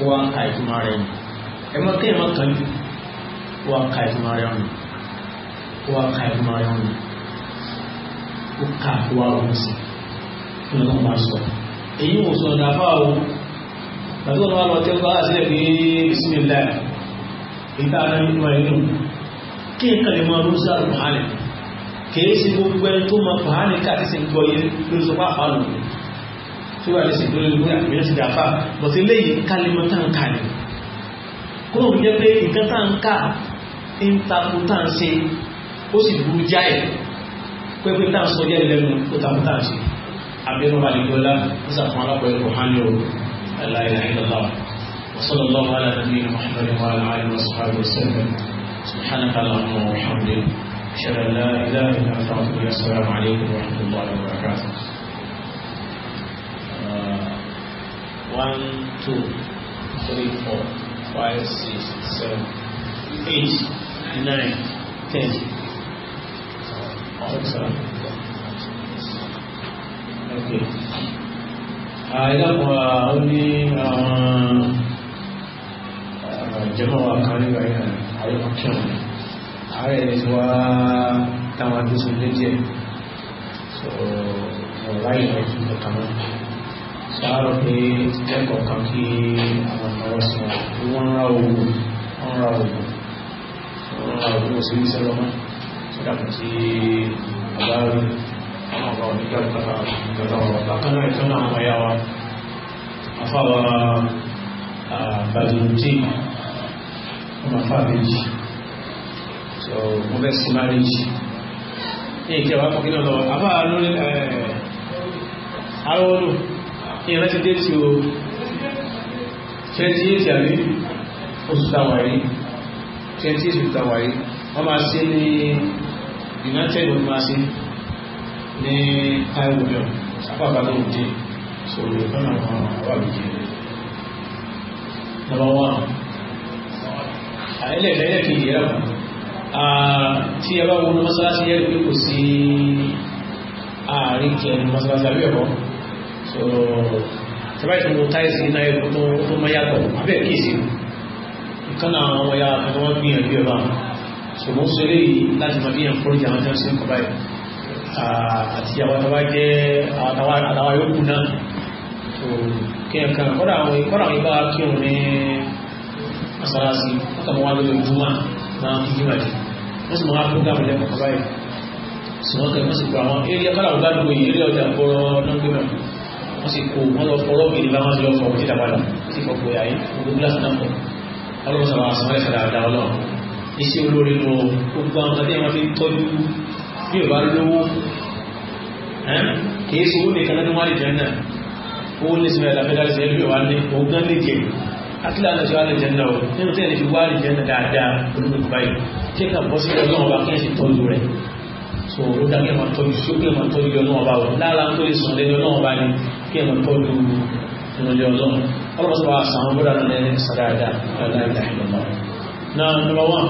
ó wá ń ka ìtumọ̀ rẹ̀ ni ẹ mọ́ kí ẹ mọ́ kan jù ó wá ń ka ìtumọ̀ rẹ̀ ni ó wá ń ka ìtumọ̀ rẹ̀ ni ó ka ó wá lọ sí kí ló ń bismillah ìta ara nínú ẹ̀ nù kí n kàn lè mọ ọdún sáà rùhánì kì tí wà ní ṣètò olóògbé àmìlẹ́ ti dàfà bọ̀ sí lè kálímọ̀ tán ká ní kó o jẹ́ pé nǹkan tán ká ń takò tán ṣe ó sì burú jáì pẹ́pẹ́ tán sọ jẹ́ lẹ́nu ó takò tán ṣe abẹ́nu balẹ̀gbọ́lá ó sàfún alápọ̀ ẹ̀kọ́ hánú aláìláìlọ́lá وصلى الله على نبينا محمد وعلى اله وصحبه وسلم سبحانك اللهم وبحمدك اشهد ان لا اله الا انت السلام عليكم ورحمه الله وبركاته Uh, one two three four five six seven eight nine ten ọ̀sán okay àìdàpọ̀ uh, uh, ó ní àwọn ìjọba wa kan nígbà yìí àwọn ọ̀kẹ́wọ̀n ààrẹ ẹni tí wá táwọn adúsùn lé díẹ̀ so ọ̀rá ìrìn àjò ìjọba náà ṣàárọ̀ pé ẹ̀kọ́ kan kí àwọn ọmọ sọ pé wọ́n ra ogun wọ́n ra ogun wọ́n ra ogun òsì ní sẹ́lọ́mọ́ sọ́dọ̀ tí ọba rí àwọn ọba onígbà ìgbàlá ìgbàlá ọ̀rọ̀ bákan náà ìtọ́nà àwọn ọmọ yàwá afáwa bàdìntì ọmọ fàbíjì so mo fẹ́ sí marriage ní ìkẹwàá kọkínà lọ abáà lórí ẹ̀ẹ́ arọ́lù ìran ti dé tí o twenty eight àbí oṣù tàwárí twenty eight oṣù tàwárí wọ́n máa ṣe ní united wọ́n máa ṣe so number one àìlẹ̀lẹ́lẹ̀ kejì ẹ̀rọ tí ẹ bá wọnú mọ́sálásí yẹ́rù pé kò sí ààrin kẹrin mọ́sálásí àbí ẹ̀kọ́ so sábà ìfún mo táyì sí náà ẹ̀kọ́ tó máa yàtọ̀ abẹ́ kéèsì nǹkan náà àwọn ọmọ ya tó wọ́n gbìyànjú ẹ̀bá so mo ń sọ eléyìí láti máa bí ẹ̀kọ́ ìjà àwọn jẹ́sí ẹ̀kọ́ báyìí àti àwọn àtàwà jẹ́ àtàwà yóò kú náà so kẹ́ẹ̀kan kọ́dà àwọn ìkọ́dà àwọn ìbá kírun ní masalasi ọkọ̀ mọ́ wá lórí ìjúmọ́ máa fi jímọ̀ jù wọ́n sì máa fún gàmù lẹ́kọ̀ọ́ báyìí so wọ́n kẹ́ wọ́n sì gbọ́ àwọn eré kọ́dà àwọn gbádùn èyí eré ọjà gbọ́rọ̀ náà wọ́n sì kó wọ́n lọ fọ́rọ́ gidi bá wọ́n sì lọ fọ́ wọ́n sì dàgbàdà sí fọ́pọ̀ ayé gbogbo gíláàsì náà pọ̀ ọlọ́run sọ̀rọ̀ àwọn sọ̀rọ̀ ẹ̀fẹ̀ dáadáa ọlọ́run iṣẹ́ olórin lọ gbogbo àwọn tàbí àwọn fi ń tọ́jú bí ò bá lówó kìí sọ òun nìkan lọ́dún wà lè jẹ́nà òun lè sinmi ẹ̀dá fẹ́dá ìṣẹ́lú ìwà ní òun gan lè jẹ́ àtìlá náà ṣe wà lè o nínú tẹ́lẹ̀ fi wà lè jẹ́nà dáadáa olùdókòbáyé kí ká bọ́ sí ọlọ́run wa kí ẹ sì tọ́jú rẹ̀ so ó dá kí ẹ máa tọ́jú sí ó kí ẹ máa tọ́jú ọlọ́run ọba o lára tó lè sùn lẹ́nu ọlọ́run ọba ni kí ẹ máa tọ́jú sínú ilé ọlọ́run ọlọ́run sọ wàá sàn án bọ́dà náà lẹ́nu sàdáadà aláìláì lọ́mọ. náà nọ́mbà wọn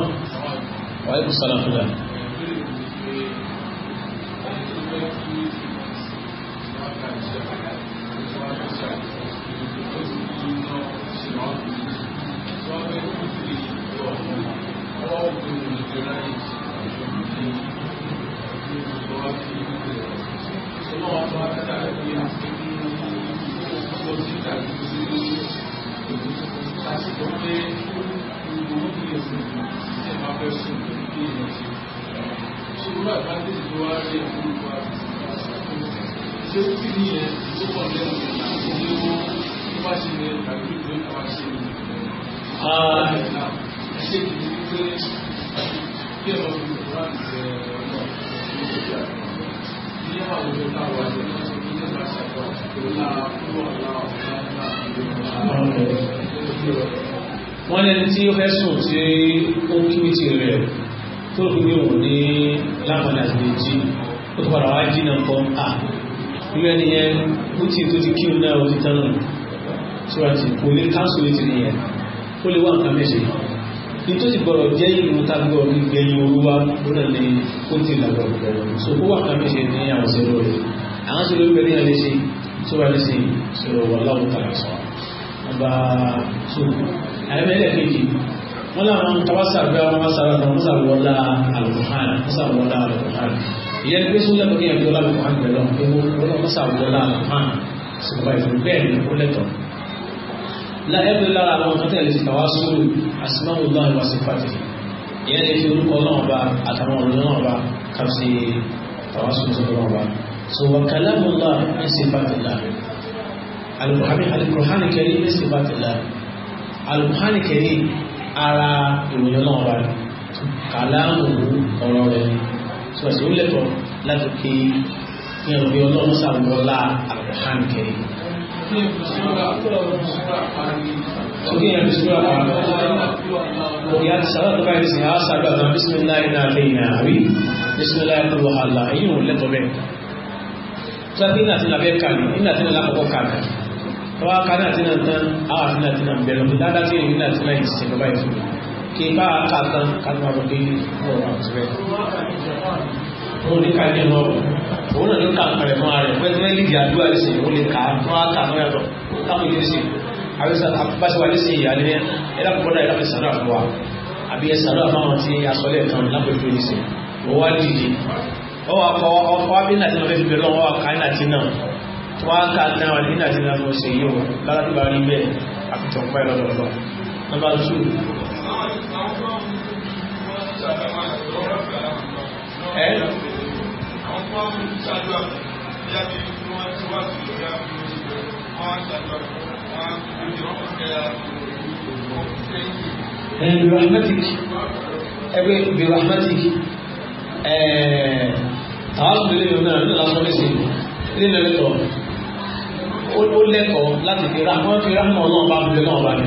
wàá ikú sọ̀rọ̀ fún Thank you. Uh, I think it's, uh, you know, wọ́n lẹ́ni tí ó fẹ́ sùn tí ó kí ní ti rẹ̀ tó kí ní òun ní láwọn àti méjì ó tó padà wá jí náà kọ́ à irú ẹni yẹn ó tí tó ti kí ní náà ó ti tán náà tí wọ́n nítorí gbọ́dọ̀ jẹ́ ìlú tábí ọdún ìgbẹ̀yìn olúwa lónà ní ó ti làgbà ọ̀pẹ̀rẹ̀ so ó wà kan méṣe ní àwọn ìṣẹ́lú rẹ̀ àwọn ìṣẹ́lú rẹ̀ ní alẹ́ sí tó bá lè sí sọ̀rọ̀ wà láwọn tàbí sọ ọba so àyẹ̀mẹ́lẹ̀ kejì wọ́n láwọn tawásà bí wọ́n sára wọn sàwọ́lá alùpùpàn sàwọ́lá alùpùpàn ìyẹn pé sójà tó ní ẹ̀dọ́ alùpùpàn pẹ̀lú ọ̀pẹ̀ wọ́n sàwọ́lá alùpùpàn sọ̀rọ̀ ẹgbẹ́ lára àwọn ọ̀tọ́ tẹ̀lé ti kàwá sóòrò àsìmáwò náà wà sí fàtì ìyẹn lè fi orúkọ náà bá àtàwọn ọ̀rọ̀ náà bá kàfí kàwá sóòrò náà bá so wà kàlámù náà ń sí fàtì náà alùkùránì kẹrí ń sí fàtì náà alùkùránì kẹrí ara ìròyìn náà bá kàlámù ọ̀rọ̀ rẹ̀ so ẹ̀sìn ó lẹ́tọ̀ọ́ láti kí ní ọ̀gbẹ́ ọlọ́run sàrùkọ́ lá alùkùránì kẹrí Sókè ẹ̀rù sílọ́ àpàrà. Òyà ti sàrọ̀ tó báyìí sí ha sàrọ̀ àwọn bísmìláì náà lè yìnà àrí, bísmìláì tó wàhálà, èyí ò lẹ́tọ̀ bẹ́ẹ̀. Tọ́bí náà ti làbẹ́ kàlì, nígbà tí náà lápapọ̀ kàlì. Tọ́wá ká náà ti náà tán, àwọn àti náà ti náà bẹ̀rẹ̀ lọ, dáadáa tí èyí náà ti náà ìsìn lọ báyìí fún. Kì í bá a kà tán, kálí máa bọ̀ dé ní ọ̀rọ̀ àti bẹ́ẹ̀. Ó ní ká ní ọ̀rọ̀ òun náà ló kà pẹ̀lẹ̀ mọ́ rẹ̀ pẹ́ tẹ́lẹ̀ lìdí àdúrà lè sìn òun lè kà á fún àkà fún yàtọ̀ káwọn ìdí sí àrísà àpapàṣẹwà lè sìn ìyá lẹ́yìn ẹ̀dàkùnkọ́dà ìlàpẹ̀ sàdúrà fún wa àbí ẹ sàdúrà fáwọn tí asọ́lẹ̀ kan lápẹ̀fẹ́ lè sìn wọ́n wá dìde ọwọ́ akọ ọkọ̀ abínà tí wọ́n fẹ́ fi bẹ̀rẹ̀ wọn wá ká iná tí náà wọ́n á ká náà ní iná tí náà lọ sí yìí o lára tó bá rí bẹ́ẹ̀ àfihàn pẹ́ lọ́dọọdọ. nọ́mbà tù. ẹ wọ́n mú un ṣàdúrà bí a bí wọ́n ti wá sí ìgbà wọ́n á ṣàdúrà wọ́n á fi oúnjẹ wọn fẹ́ wọ́n fẹ́ yìí. ẹ̀rù rahmatik ẹgbẹ́ ìbí rahmatik àwọn ọ̀gbìn lè lọ́nà ní lásán lẹ́sẹ̀ nínú ẹ̀tọ́ ó fi ra wọ́n fi ra mọ́ ọlọ́run bá bẹ̀rẹ̀ náà bá ní.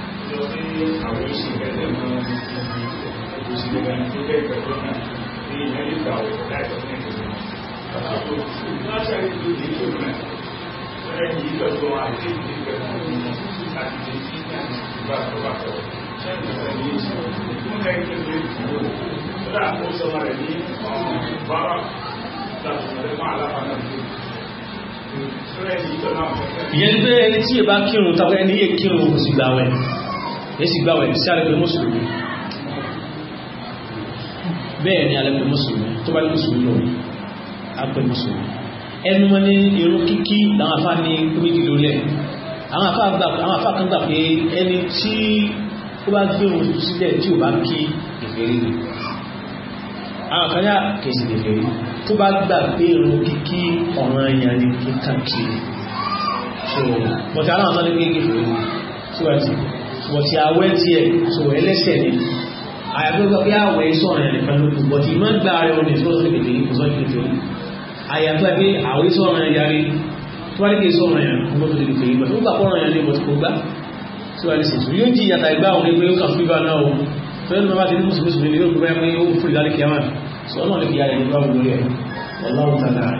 ìyẹn ní ẹni tí ìbá kírun tàbí ẹni yé kírun kò sì gbà wẹ̀ èsì gbáwẹ̀ sí alẹ́pẹ̀ mùsùlùmí bẹ́ẹ̀ ni alẹ́pẹ̀ mùsùlùmí tó bá ní mùsùlùmí lọ apẹ̀ mùsùlùmí ẹnu mọ́ ní irú kíkí làwọn afá ní méjì lólẹ̀ àwọn afá kan gbà pé ẹni tí ó bá gbé òun sílẹ̀ tí ò bá kí ìfèrí ni àwọn kan yá kèsì ìfèrí tó bá gbà pé irú kíkí ọ̀ràn ẹ̀yàn ni kíkà kiri so bọ̀tí aláwọn sọ ní kéèké ìfèrí tí wọ́n bọ̀tí àwẹ̀ tiẹ̀ sọ ẹlẹ́sẹ̀ ni àyàfẹ́ pé àwẹ̀ sọ̀rọ̀ ẹ̀ nìkan lókun bọ̀tí ìmọ̀ gbà rẹ̀ wọn ni tó sọ̀rọ̀ kèké kò sọ̀rọ̀ kèké o àyàfẹ́ pé àwẹ̀ sọ̀rọ̀ ẹ̀ yarí tó wáyé kèké sọ̀rọ̀ ẹ̀ kò sọ̀rọ̀ kèké yìí bọ̀tí ó gbà kọ́rọ̀ ẹ̀ ní bọ̀tí kò gbá tí wàá lè sèso yóò jí ìyàtà ìgbà òun ni pé ó kàn fi bá náà o fẹ́ẹ́ ló bá ti ní mùsùlùmí ni yóò gbé pé ó fún ìdálẹ́ kíá máa sọ náà lè fi yára ẹni bá wù lórí ẹ̀ ọlọ́run tàdá rẹ̀.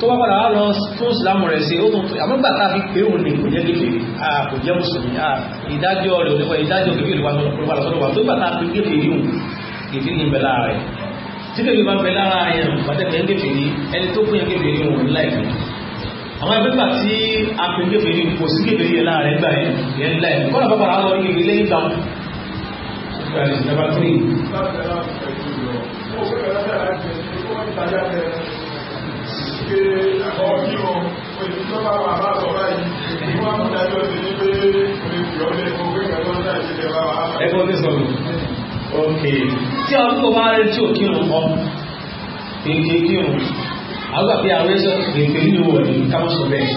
tó wá padà wá lọ fún ìsìlámù rẹ̀ sí ó tún tó àmọ́gbà tá a fi pé òun ni kò jẹ́ kékeré a kò jẹ́ mùsùlùmí a ìdájọ́ rẹ̀ òní wọ́n ìdájọ́ kékeré ló wà lọ́dọ̀ sọ́dọ̀ wà tó gbà tá a fi kékeré òun kékeré ní bẹ̀ lára rẹ̀ tí kékeré bá bẹ̀ lára rẹ̀ pàtẹ́kẹ̀ kékeré ẹni tó kúnyẹ kékeré òun láìpẹ́ àwọn ẹgbẹ́gbà tí a pè kékeré kò sí kékeré yẹn lára pé ẹ̀kọ́ kí o pé tó bá wà bá sọ báyìí ìlú àmúdájọ́ ti ní pé olè fi ọlẹ́ ogún ìgbàgbọ́ ní àìsíkẹ́ bá wà. ẹgbẹ́ ní sọ̀rọ̀ ok tí a lóko bá rẹ tí ò kí òun kọ kéèké kí òun àgbà pé àwọn ẹsẹ̀ kéèké ní òwò ní káwọn sọ bẹ́ẹ̀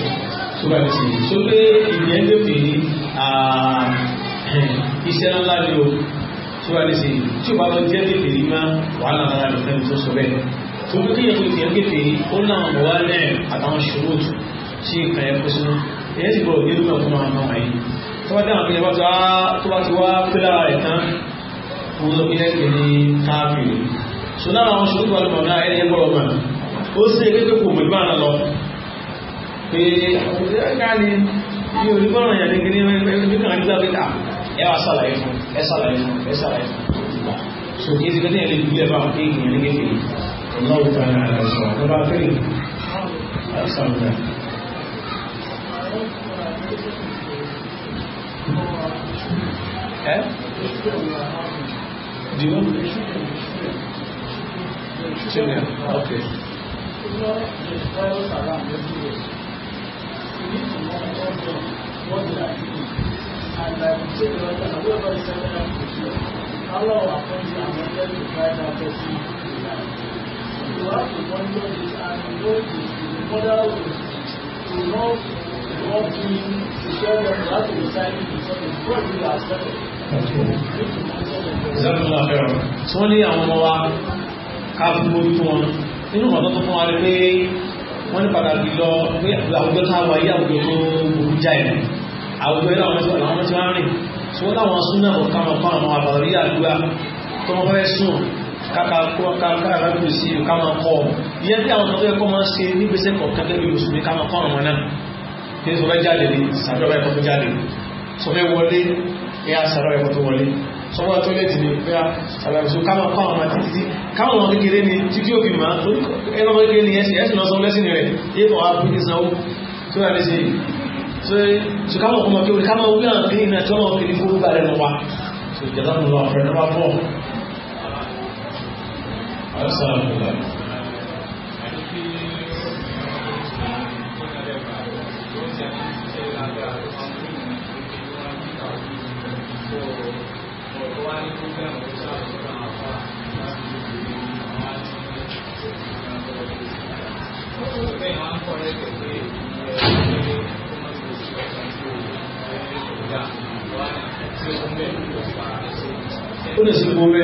tó bá ti sọ pé ìyẹn lè pè ní iṣẹ́ ńlá ni o tó bá ti sè tí o bá lọ jẹ́ lè ní má wàhálà ńlá ni fẹ́ni tó sọ bẹ́ẹ̀ ṣùgbọ́n kí èkó ìtìyàn kéfèé ó náà mọ̀ wá lẹ́ẹ̀ àtàwọn ṣòro tí nǹkan ẹ̀kọ́ sínú èyí sì gbọ́dọ̀ nínú ọ̀tún àwọn ọmọ yìí tó bá dáhùn pínlẹ̀ tó bá ti wá pílà rẹ̀ tán òun ló pínlẹ̀ pé ní káàkiri ṣò náà àwọn ṣòro tó wà lọ́mọ náà ẹni ẹgbọ́rọ̀ mà ó sì kékeré kò mọ̀ ìbára lọ pé ẹ̀ka ni mi ò ní gbọ́ràn yàn ní kíní ẹni kan ní sábẹ́ta ẹ wá sàlàyé fún ẹ sàlàyé fún ẹ sàlàyé fún ṣò kí ẹ ti kẹ́ الله تعالى على الصواب وبعدين أسأل الله ديون شنو اوكي And I would say that whoever is selling that, Allah will appoint you and then you try that person have to monitor this and know the model to know what we share them to have to decide before the project is accepted. Ìjọba fẹ́ràn. Tí wọ́n ní àwọn ọmọ wa ká fún orí fún wọn. Nínú ọ̀dọ́ tó fún wa rí pé wọ́n ní pàtàkì lọ pé àwùjọ ká wà yí àwùjọ tó burú jáì. Àwùjọ yìí làwọn ọmọ àwọn ọmọ tí wọ́n rìn. Tí wọ́n láwọn súnà ọ̀kan ọ̀kan àwọn àbàrí àdúrà tó wọ́n fẹ́ sùn kákàrà lórí sí ìlú ká máa kọ́ ìyẹn bí àwọn ọmọdé ẹ̀kọ́ máa ń ṣe nígbésẹ̀ kọ̀ọ̀kan tẹ́lẹ̀ mùsùlùmí ká máa kọ́ àwọn náà kí ní sọ fẹ́ jáde ní sàdọ́rọ̀ ẹ̀kọ́ tó jáde sọ fẹ́ wọlé ẹ̀yà sàdọ́rọ̀ ẹ̀kọ́ tó wọlé sọ fẹ́ tó lẹ́tì ní pé àlàyé ká máa kọ́ àwọn títí káwọn ọmọ kékeré ni títí òbí máa ẹ̀rọ ọmọ kékeré ni ẹ̀sìn ẹ̀sìn lọ́sọ lẹ́sìn rẹ̀ yé bọ̀ wá pín ìsanwó tó rà lè ṣe so káwọn ọmọ kékeré káwọn wí àwọn kékeré náà tó náà kékeré fún ó lè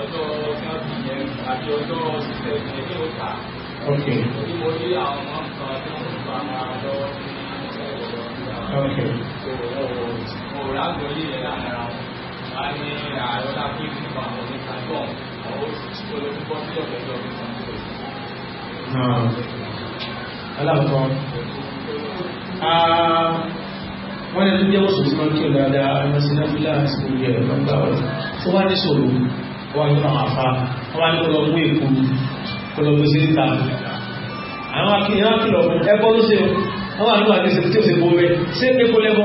ọjọ́ káàdì yẹn àti ọjọ́ ṣiṣẹ́ yẹn kí ló tà. ok. torí mo rí àwọn ọmọ kan ah. ah, tó wọ́n ní wọn àfa wọ́n wá ní kó lọ mú èkó kó lọ mú sí níta àwọn akínyìn wá kìlọ̀ ẹbọ ló ṣe wọ́n wà nígbà tí ó ṣe bó rẹ̀ ṣé epo lẹ́bọ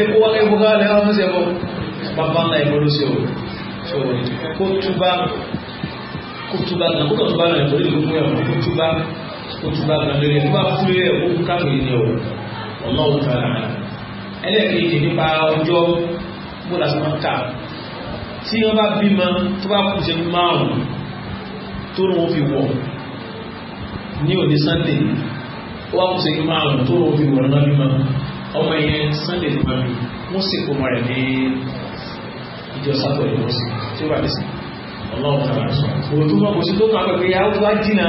epo wá epo ká lẹ́wọ́n ló ṣe bọ bàbá ńlá epo ló ṣe o so kó túbá kó túbá náà kó túbá náà kó lè lókun ẹ̀wọ̀n kó túbá kó túbá náà lórí ẹ̀kú fún ilé ẹ̀kú káàkiri ni o ọlọ́run tààrà ẹlẹ́ẹ̀kejì tí wọ́n bá bímọ tó bá kú ṣe márùn tó rún fi wọ̀ ní òní sunday ó wá kú ṣe márùn tó rún fi wọ̀ lọ́nà bímọ ọmọ yẹn sunday ló máa bí wọ́n sì kó mọ̀ rẹ̀ ní ìjọ sátọ̀ ìwọ̀n sí tí ó bá lè sí ọlọ́run tó bá sọ òun tó bá kò sí tó kàn pé yà wá jìnnà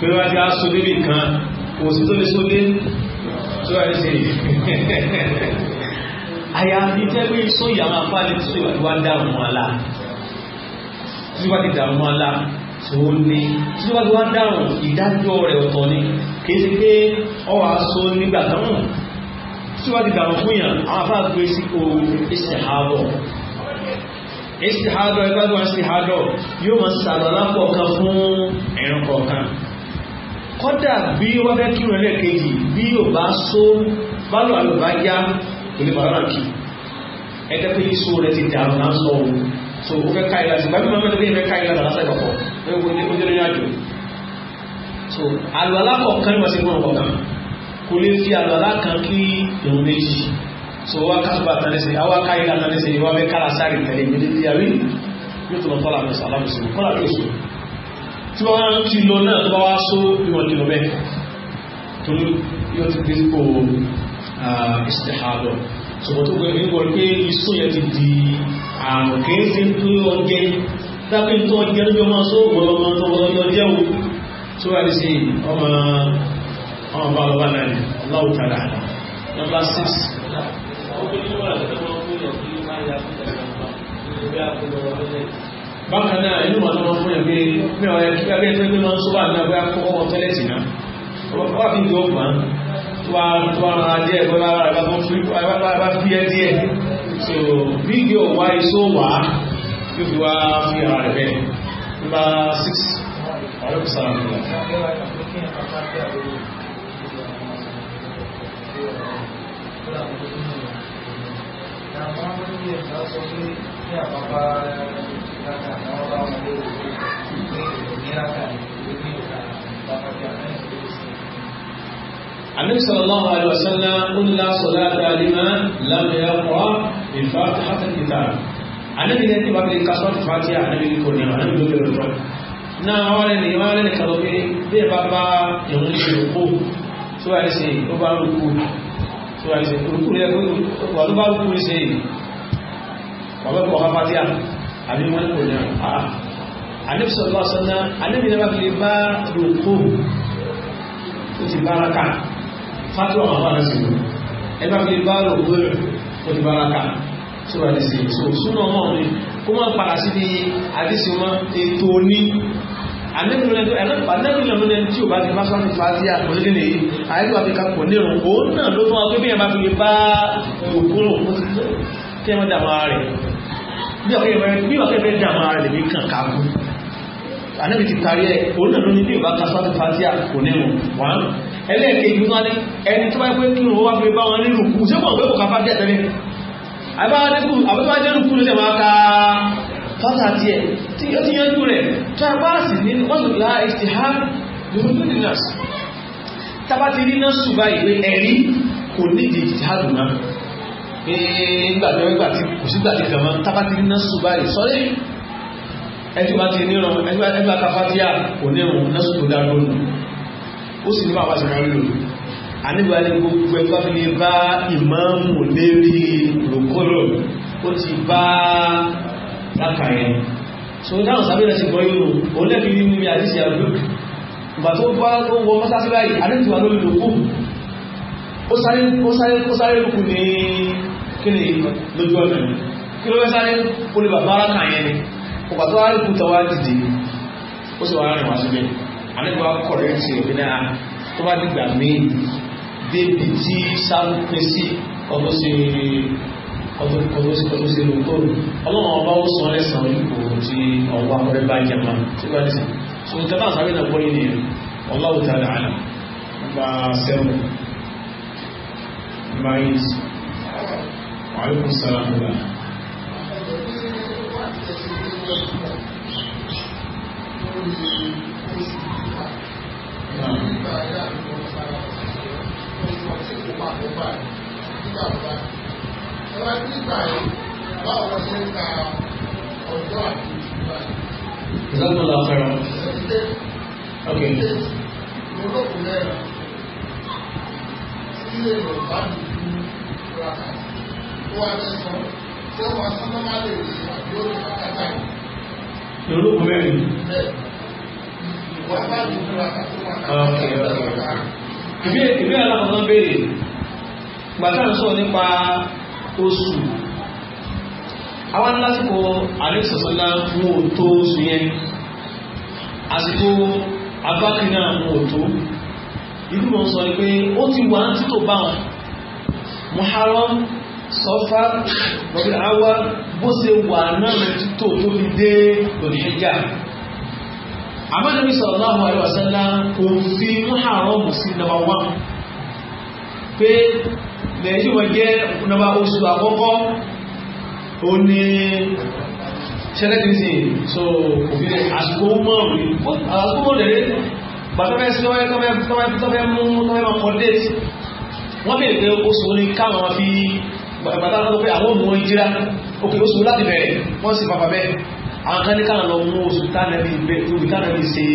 pé wá ti á so débi kan kò sí tó lè so dé tó wà ní sèyí àyà ìjẹ́ pé sọ ìyàwó afáàlẹ̀ tí wà dàrú wọn la tí wà ti dàrú wọn la tó ní tí wà ti wà dàrú ìdájọ́ rẹ̀ ọ̀tọ̀ ni kìí ṣe pé ọwà so nígbà táwọn tí wà ti dàrú fún yàn àwọn afáà gbé sí o ìṣèhábọ̀ ìṣèhábọ̀ ẹgbẹ́ wọn ìṣèhábọ̀ yóò máa ṣàlọ́ lápọ̀ kan fún ẹ̀rùn kọ̀ọ̀kan kọ́dà bí wọ́n fẹ́ kírun ẹlẹ́ẹ̀kejì bí yóò bá só bálọ̀ àlọ́ bá yá òní bàbá kì ẹgbẹ́ pé iṣu rẹ̀ ti dà ọ̀nà sọ ohun so ó fẹ́ ká ìlà sí bàbá mi máa fẹ́ ká ìlà lọ́sẹ̀ ìkọ̀kọ̀ ẹgbẹ́ onílé ní àjò so àlọ́ alákọ̀ọ́kan ni wọ́n ti gbọ́n ọ̀kọ̀kan kò lè fi àlọ́ alákan kí ìrùn méjì so wa kasuba tanese awa kaila tanese wa be kala sari tele mi di yawi yutu no tola no salamu su kola to su tí wọ́n ti lọ náà tó bá wá só ìwọ̀n nílò bẹ́ẹ̀ tó ló yóò ti dé sípò ìṣẹ̀hàbọ̀ ṣùgbọ́n tó gbé ní wọ́n pé iṣu yẹn ti di àrùn kìí sí tó wọ́n jẹ́ dábí tó wọ́n jẹ́ lójú ọmọ só wọ́n ọmọ tó wọ́n lọ jẹ́ o tó wà ní sí ọmọ ọmọ bá lọ́wọ́ náà ní Allahu ta'ala nọ́mbà 6 ọkùnrin wà lọ́wọ́ fún ìyàwó ní máa yà fún ìyàwó bákan náà inú wọn fún ẹgbẹ́ pé ẹgbẹ́ pé sọ́bà náà bóyá kọ́kọ́ wọn náà wọ́n fi tó wá rárá díẹ̀ bóyá rárá so fídíò wá iṣó wá yóò fi wá six Thank you. النبي صلى الله عليه وسلم قل لا صلاة لمن لم يقرأ بفاتحة الكتاب النبي ذاتي باب الكسوة الفاتحة النبي يقول نعم النبي يقول الرجل náà wọ́n lẹ́nu ìwọ́n lẹ́nu kàlọ́ pé bí ẹ bá bá ìrún ìṣòro tó wà ìṣe kúrúkúrú yẹ kúrú wà ló bá kúrú ṣe yìí wà bẹ́ẹ̀ kọ́ kápá díà àbí wọn kò ní àá àníbi sọ̀rọ̀ lọ́sọ̀ náà àníbi náà bá fi lè bá rògbò ó ti bára ká so súnà ni kó má padà síbi àdísùnmọ́ ètò ní àdébìnrin tí ó bá ti máa sọ́nà fàájì àkọsílẹ̀ nìyí àìlú àfikà kò ní ìrùn òun náà ló fún agbébí ẹ̀ máa fi lè bá òkúrò kí ẹ máa dàmà rẹ̀ bí ọ̀kẹ́ fẹ́ dàmà rẹ̀ lè kàn kákú àdébì ti parí ẹ̀ òun náà ló ní bí ìbá ka sọ́nà fàájì àkò ní ìrùn wá ẹlẹ́ẹ̀kejì tó ní ẹni tó bá pé kí òun wá fi bá wọn nínú kù sí pọ̀ pé kò ká fàájì àtẹ́lẹ̀ àbáwá bàtà díẹ̀ tí ó ti yanjú rẹ̀ tó ẹgbá sì ní wọ́nùlá ìsìhán lórí nọ́ọ̀sì tábà ti rí nọ́ọ̀sì báyìí pé ẹ̀rí kò nídìí ìsìhán náà nígbàgbẹ́gbà tí kò sígbà tí kàmọ́ tábà ti rí nọ́ọ̀sì báyìí láka yẹn so dáhùn sábẹ́ rẹ̀ ti gbọ́ yóò òun lẹ́bi nínú mi àdísì àdúró ìgbà tó bá tó wọ mọ́sáàsì báyìí àdísì wà lórí lòkù ó sáré ó sáré ó sáré lòkù ní kíni lójú ọ̀nà kí ló fẹ́ sáré ó lè bàbá ara kàn yẹn ni ọgbà tó wáyé kúta wá dìde ó sì wá rìn wá síbẹ̀ àdísì wá kọ̀rẹ́ sí òbí náà tó bá dìgbà míì débi tí sáré pèsè ọmọ sí i kọlọsí ló tó ọlọ́run ọba ó sọ lẹ́sàn ipò tí ọwọ́ akọrẹ́ bá jẹma tí bá lẹ́sàn so tẹ́lá sáré náà bọ́ nínú ẹ̀rọ ọlọ́wọ́ tí a lè àlà nípa sẹ́wọ̀n nípa yìí wàlúkùn Thank you ẹ̀rọ nígbà yìí báwo lọ sí nípa mẹ́rin. bẹ́ẹ̀ ìwà bá mi ju ra gbàtà ń sọ nípa tó sùn àwọn alásìkò àrísọ̀sọ́lá mú o tó sùn yẹn àsìkò abákin náà mú o tó ìlú mọ̀ sọ pé ó ti wà ní títò bá wọn Muharram sọfá lọ́bí àwa bó ṣe wà náà lọ títò tó fi dé òdìṣẹ́jà àmọ́nàbí sallallahu alaihi kò fi Muharram sí number one pé lẹ́yìn tí wọ́n jẹ́ nọmba oṣù àkọ́kọ́ ó ní ṣẹlẹ́tìsì so òfin àsìkò mọ́ọ̀rù àsìkò mọ́ọ̀rù bàtọ́fẹ́ sí ọwọ́ tọ́fẹ́ mú tọ́fẹ́ mọ́ kọ́dé wọ́n bèèrè pé oṣù ní káwọn fi bàtà lọ́dọ́ pé àwọn òmùwọ̀n jíra òkè oṣù láti bẹ̀rẹ̀ wọ́n sì pàpà bẹ́ẹ̀ àwọn kan ní káwọn lọ mú oṣù tánàbí ṣe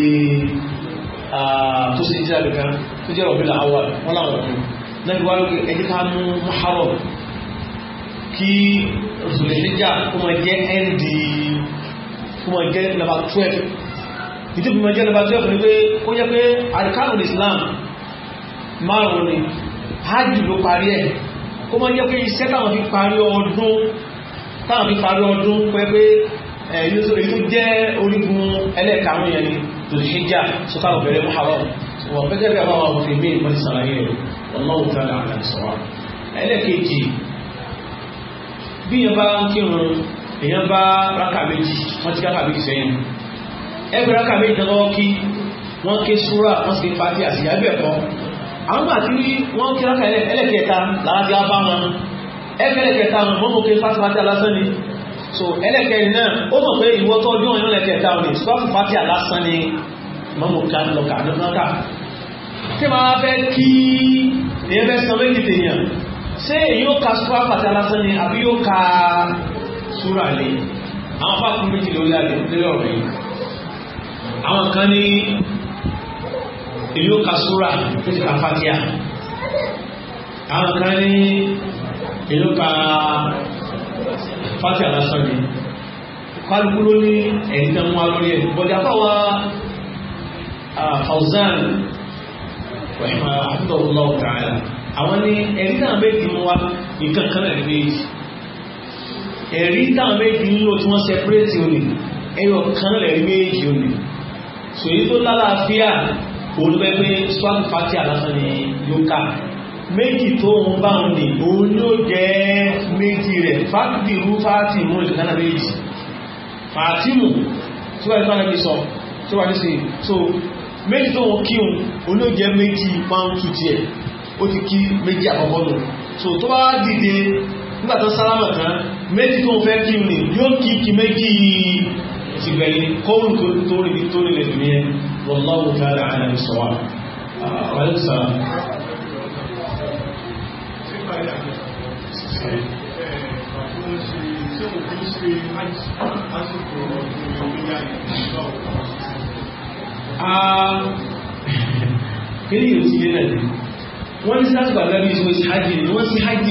tó ṣe jíra lùkan tó jẹ́ ọ̀bí làwọn wọ́n láwọn ọ̀dọ́ lẹ́gbẹ̀ẹ́ wáyé ẹjẹ́ ká mú Muharram kí Zulhijja kó máa jẹ́ ẹ́ndì kó máa jẹ́ nàbà 12 ìdí bí máa jẹ́ nàbà 12 ni pé ó yẹ pé arkanul Islam márùn ni hajj ló parí ẹ̀ kó máa jẹ́ pé iṣẹ́ táwọn fi parí ọdún táwọn fi parí ọdún pẹ́ pé èyí tó jẹ́ orígun ẹlẹ́karùn-ún yẹn ni Zulhijja sọ́kà ọ̀bẹ̀rẹ̀ Muharram wọ́n pẹ́kẹ́ bí àwọn ọmọ fi mí ìpọ́n ti sàlàyé rẹ̀ Allahu ta'ala àlàyé sọ̀rọ̀ ẹlẹ́kejì bí yẹn bá ń kírun èèyàn bá rákà méjì wọ́n ti rákà méjì sẹ́yìn ẹgbẹ́ rákà méjì tán lọ́wọ́ kí wọ́n ké súrà wọ́n sì fati àti ìyá bẹ̀ kọ́ àwọn gbà tí wọ́n ké rákà ẹlẹ́kẹta lára ti bá wọn ẹgbẹ́ ẹlẹ́kẹta wọn mọ́mọ́ ké fati alásán ni so ẹlẹ́kẹrin náà ó mọ̀ pé ìwọ́tọ́ ọdún ọ̀yàn ẹlẹ́kẹta wọn ni sọ́ọ̀fù fati alásán ni mọ́mọ́ ká lọ́kà lọ́kà tí ma wá fẹ́ kí èyàn fẹ́ san méjì tèèyàn ṣé yóò ka súra pàtàkì lásán ni àbí yóò ka súra lé àwọn fáàkù méjì ló lálẹ́ lórí ọ̀rọ̀ yìí àwọn kan ní èyí ó ka súra tó ti ka fatia àwọn kan ní èyí ó ka fatia lásán ni kálukú ló ní ẹ̀yìn lórí ẹ̀ bọ̀dé àfáwà ah, Fawzan rahima àtúntò ọlọ́wọ́ tààlà àwọn ní ẹ̀rí táwọn méjì ń wá nǹkan kan náà ní méjì ẹ̀rí táwọn méjì ń lò tí wọ́n sẹpẹ́rẹ́tì òní ẹ̀yọ kan náà lẹ́rí méjì òní sòyí tó lálàáfíà olùbẹ́gbẹ́ swag party alásán ni yóò ká méjì tó ń bá ń lè òun yóò jẹ́ méjì rẹ̀ fàtìrú fàtìmù ìlànà méjì fàtìmù tí wọ́n ti sọ tí wọ́n ti sè so méjì tó wọn kíhun olóòjẹ́ méjì pound two tiẹ̀ ó ti kí méjì àkọ́kọ́ lò so tó bá dìde nígbà tó sálámà kan méjì tó fẹ́ kíhun ni yóò kí kí méjì ti gbẹ̀yìn kóhùn tó rí ní tó rí lè dùn yẹn wallahu ta'ala a'lam bissawab ah, Thank you kéré yóò ti lé náà wọ́n ní sáà gbàgbà bí ìṣòro sí hajj ni wọ́n sí hajj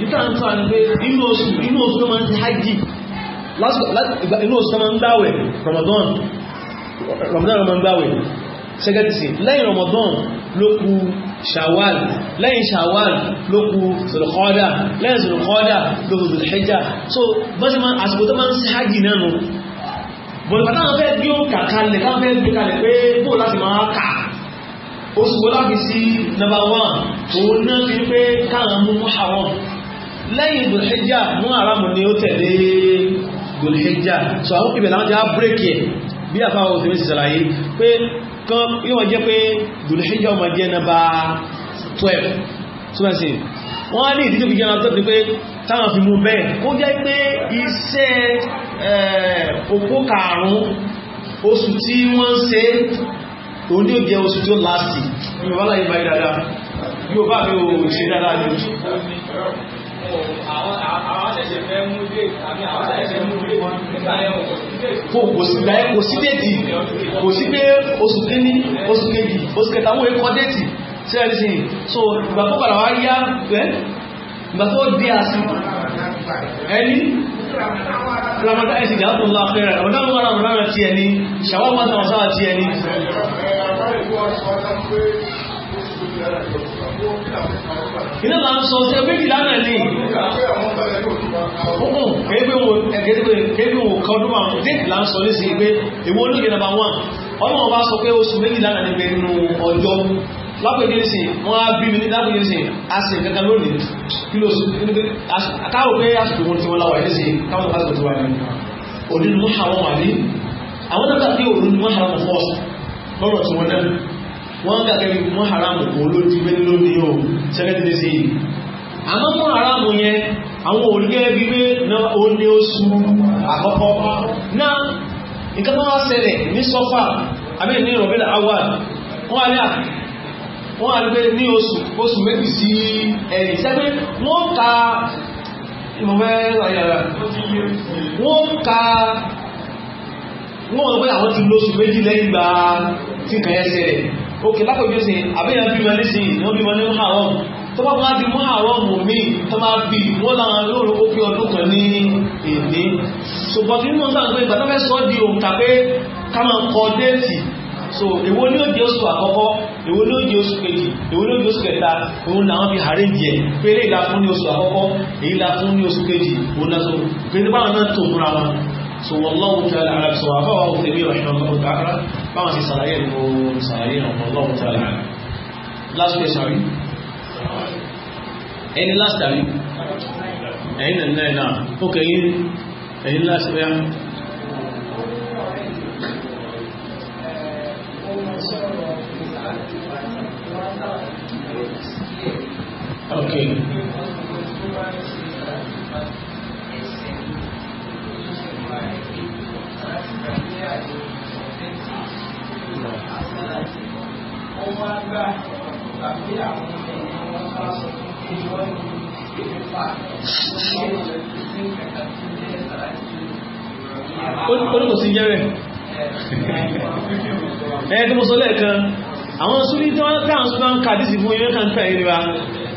níta ń fa ni pé inú oṣù inú oṣù tó máa ń sí hajj inú oṣù tó máa ń gbàwẹ̀ Ramadan Ramadan ló máa ń gbàwẹ̀ ṣẹ́gẹ́tìsì lẹ́yìn Ramadan ló kù Shawal, lẹ́yìn shawwal ló kù zulqada lẹ́yìn zulqada ló kù zulhijja so bọ́sí àsìkò tó máa ń sí hajj náà bọ̀dùbà táwọn fẹ́ gbé òǹkà kalẹ̀ táwọn fẹ́ gbé kalẹ̀ pé bó láti máa kà oṣù wo láti sí nọ́mbà wán òun náà ti pé káwọn mú àwọn lẹ́yìn dòlẹ́jà mú àràmù ni ó tẹ̀lé dòlẹ́jà sọ àwọn ìbẹ̀ láwọn ti á bírèkì ẹ̀ bí àfáwọn òfin sì sàlàyé pé kan yíwọ̀n jẹ́ pé dòlẹ́jà ọmọ jẹ́ nọ́mbà 12 túnbẹ̀ sí wọ́n ní ìdíjò fi jẹ́nà tó ti pé táwọn fi mú bẹ́ẹ̀ kó jẹ́ pé iṣẹ́ eh, òpó karùn-ún oṣù tí wọ́n ṣe òun ní ó jẹ oṣù tí ó láti yóò bá láyé báyìí dáadáa yóò bá mi ò ṣe dáadáa ní oṣù kò sí dáyé kò sí déètì kò sí pé oṣù kíní oṣù kejì oṣù kẹta wọ́n èkó déètì sí ẹ̀rí sí so ìgbà tó padà wá yá pẹ́ ìgbà tó dé àsìkò ẹni ramata ẹ̀sìn ìjà tó lọ fẹ́rẹ̀ ọ̀dá mú ara ọ̀rọ̀ rẹ̀ ti ẹni ṣàwọ́ pátá wọn sáà ti ẹni iná là ń sọ sí ẹgbẹ́ ìdílá náà ní ọkùn kéèké wo kéèké wo kan ọdún àwọn déètì là ń sọ ní sí pé èwo olóògbé nàbà wọn ọlọ́wọ́n bá sọ pé oṣù méjìlá náà ní bẹ́ẹ̀ ọjọ́ lápẹ̀dé sí wọ́n á bí mi ní lápẹ̀dé sí àṣì kankan lónìí kí ló sùn káwọ̀ pé àṣìkò wọn tí wọ́n láwà ẹ̀dẹ́sì káwọn pásítọ̀ tí wà ní òní ni wọ́n ṣàwọn wà ní àwọn náà tàbí òní ni wọ́n ṣàwọn fọ́s lọ́rọ̀ tí wọ́n náà wọ́n gàgẹ́ bí wọ́n haramu kò ló ti gbé lónìí o sẹ́kẹ́tìdé sí yìí àmọ́ fún haramu yẹn àwọn olùgẹ́ bí pé ní oṣù àkọ́kọ́ náà nǹkan tó ní sọ́fà àbí ní ìrọ̀bẹ́lẹ̀ awà wọ́n wà gbé ní oṣù oṣù méjì sí ẹ̀yìn sẹ́gbẹ́ wọ́n ka ìmọ̀fẹ́ ayára wọ́n ka wọ́n wọ́n pé àwọn ti lóṣù méjì lẹ́yìn gba tí nǹkan yẹn ṣẹlẹ̀ òkè lápòjú sí àbẹ́yàn bímọ nísìnyí wọ́n bímọ ní muharram tó bá máa di muharram mi tó máa bí wọ́n láwọn lóòrùn ó fi ọdún kan ní èdè ṣùgbọ́n tí wọ́n sáà ń pè ìgbà tó fẹ́ sọ́ di òǹkà pé ká máa kọ déètì so èwo ni ó di oṣù àkọ́kọ́ èwo ló di oṣù kejì èwo ló di oṣù kẹta òun làwọn fi àárẹ̀ jẹ pé eré ìlà fún ní oṣù àkọ́kọ́ èyí la fún ní oṣù kejì òun náà so pẹ̀lú báwọn náà tó múra wọn so wallahu ta'ala a'lam sọ àbáwá òun tèmi ìrọ̀ṣẹ́ ọmọ ọ̀tá ara báwọn ti sàlàyé ìlú sàlàyé ọmọ wallahu ta'ala a'lam last question rí ẹni last time ẹ̀yin nà ẹ̀yin náà ó kẹ́yìn ẹ̀yin last tàbí ok ọmọ agbá tàbí àwọn ènìyàn wọn bá sọ pé wọ́n ní ìfipá ṣe ní kàkà tí ó jẹ́ sára sí i. ó ní kò sí jẹ́ bẹ́ẹ̀. ẹ̀ẹ́dẹ́gbọ́sọ lẹ́ẹ̀kan àwọn súnlẹ̀ tí wọ́n káà ń súnmọ́ ń kà dísì fún ilé kan tẹ̀ ìrìnà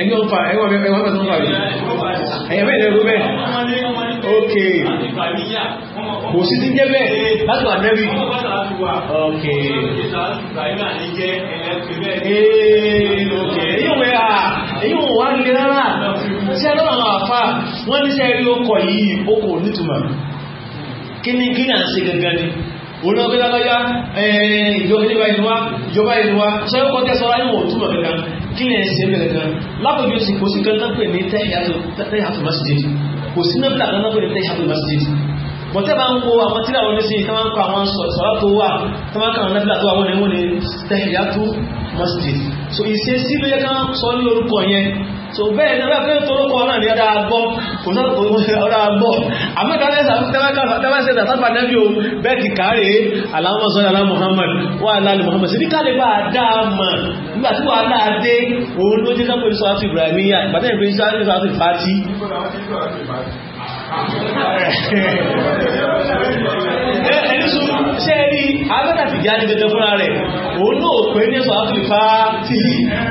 ẹ̀yìn ọ̀fà ẹ̀wọ̀n mẹ́fẹ́ tó ń pàrí ẹ̀yẹ̀ bẹ́ẹ̀ lẹ́rú bẹ́ẹ̀ ok kò sí ti jẹ́ bẹ́ẹ̀ láti wà ver ok ẹ̀yìn a à ẹ̀yìn wà ní rárá sí ẹ̀rọ àwọn àfà wọ́n ní sẹ́rí ó kọ̀ yìí ó kò nítumọ̀ kí ni kí ni à ń ṣe gẹ́gẹ́ ni òun náà gbéra lọ́yá ìjọba ìlúwa ìjọba ìlúwa ṣe ó kọjá sọ láyé wọn túmọ̀ kankan kí lè ṣe bẹ̀rẹ̀ kan lápòjú sí kò sí kankan pè ní tẹ́yàtò masjid kò sí nọ́bìlà kankan pè ní tẹ́yàtò masjid bọ̀tẹ́ bá ń wo àwọn tíra wọn ní sí tí wọ́n ń kọ àwọn sọ̀rọ̀ tó wà tí wọ́n ń kọ àwọn nọ́bìlà tó wà wọ́n ní tẹ́yàtò masjid so ìṣesí ló yẹ ká sọ ní orúkọ yẹn so bẹ́ẹ̀ ní ọlọ́pẹ́ torúkọ náà ní ọdá agbọ́ kò náà kò ní ọdá agbọ́ àmọ́kàlẹ́sà tẹ́wàṣẹ́ tàbí nẹ́bí o bẹ́ẹ̀ ti káàrẹ̀ aláwọ̀sán alá Muhammad wà láàrín Muhammad sí ní káàlẹ̀ bá dáàmà nígbàtí wà láàdé òun ló jẹ́ kápẹ́ ìṣọ́ àti Ibrahimiyya ìpàdé ìgbésí àti ìṣọ́ àti ìfàtí ṣe rí abẹ́ta ti jáde gẹ́gẹ́ fúnra rẹ̀ òun náà pé ní sọ àtúlì fáátì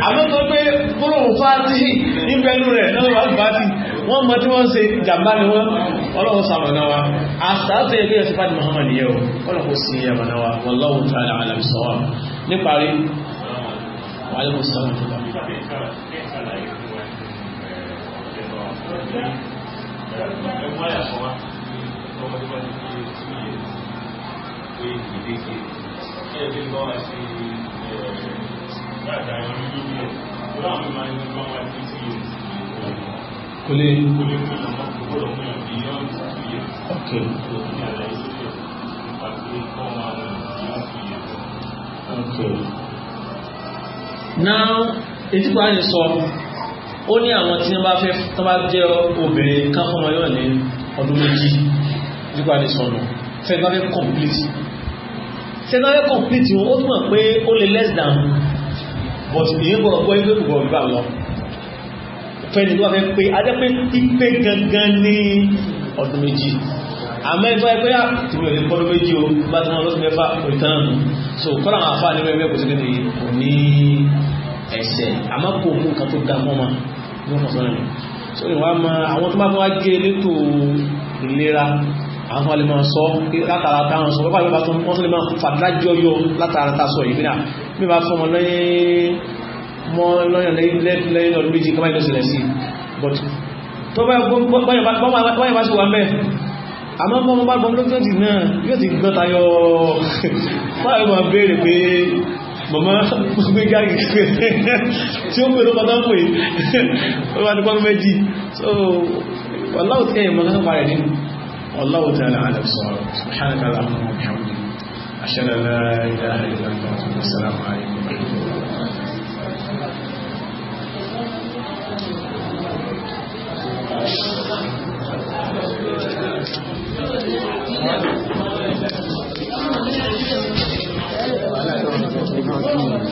àmọ́tọ́ pé fúnrùn fáátì ní pẹ̀lú rẹ̀ lọ́wọ́ fáátì wọ́n mọ́ tí wọ́n ṣe jàmbá ni wọ́n ọlọ́run sàmọ̀nà wa àṣàtọ̀ ẹgbẹ́ ẹ̀sìn fáti Muhammad o ọlọ́run sí yamana wa wallahu ta'ala alam sawab níparí wàhálà sọ́wọ́ tó bá Thank you. Okay. ìdílé kí ẹ ti lọ àti dáadáa ìlú lórí ẹ̀ lórí àwọn ìmọ̀ ẹni tó máa ti ti yẹ kò lè kò lè fún ìyàmọ́ kò gbọ́dọ̀ fún ìyàmọ́ bí yọ́n ní sọ, ó ní àwọn tí wọ́n bá fẹ́ tó bá jẹ́ obìnrin kan yóò ní ọdún méjì nípa ni sọnù fẹ́ bá fẹ́ complete sẹ́nàrẹ́ complete wọn ó túnmọ̀ pé ó lè less than but èyí gbọ́rọ̀ pọ́ ilé ìgbọ̀ ìgbà lọ fẹ́ni tó wà fẹ́ pé adẹ́pẹ́ pípé gangan ní ọdún méjì àmọ́ ẹgbẹ́ ẹgbẹ́ àtìmọ̀ ah, ìlú pọ́dún méjì o bá tí wọ́n lọ́sùn mẹ́fà òtánù so kọ́lá àwọn afá nínú ẹgbẹ́ kò sí nínú kò ní ẹ̀ṣẹ̀ àmọ́ kò mú nǹkan tó ga mọ́ ma ní wọ́n sọ́nà so ìwà máa àwọn tó bá mọ́ wá gé elétò ìlera àwọn alẹ́ máa sọ látara táwọn sọ pẹ́pàá ìbátan wọ́n tó lè máa fàdájọ́ yọ látara tá sọ ìfínà bí bá fún ọmọ lọ́yìn lẹ́yìn ọdún méjì kọ́má ìlọ́sẹ̀lẹ̀ sí but tó bá yẹ bá sí wà mẹ́ àmọ́ bọ́ mọ́ bá gbọ́n lójú ti náà yóò ti gbọ́ tayọ fáwọn ọmọ béèrè pé mọ̀mọ́ gbé gáàgì tí ó pè ló bọ́tọ́ pè ó wà ní pọ́n méjì so wà láwùtí ẹ̀yìn mọ́ والله تعالى أعلم الصواب سبحانك اللهم وبحمدك أشهد أن لا إله إلا أنت والسلام عليكم ورحمة الله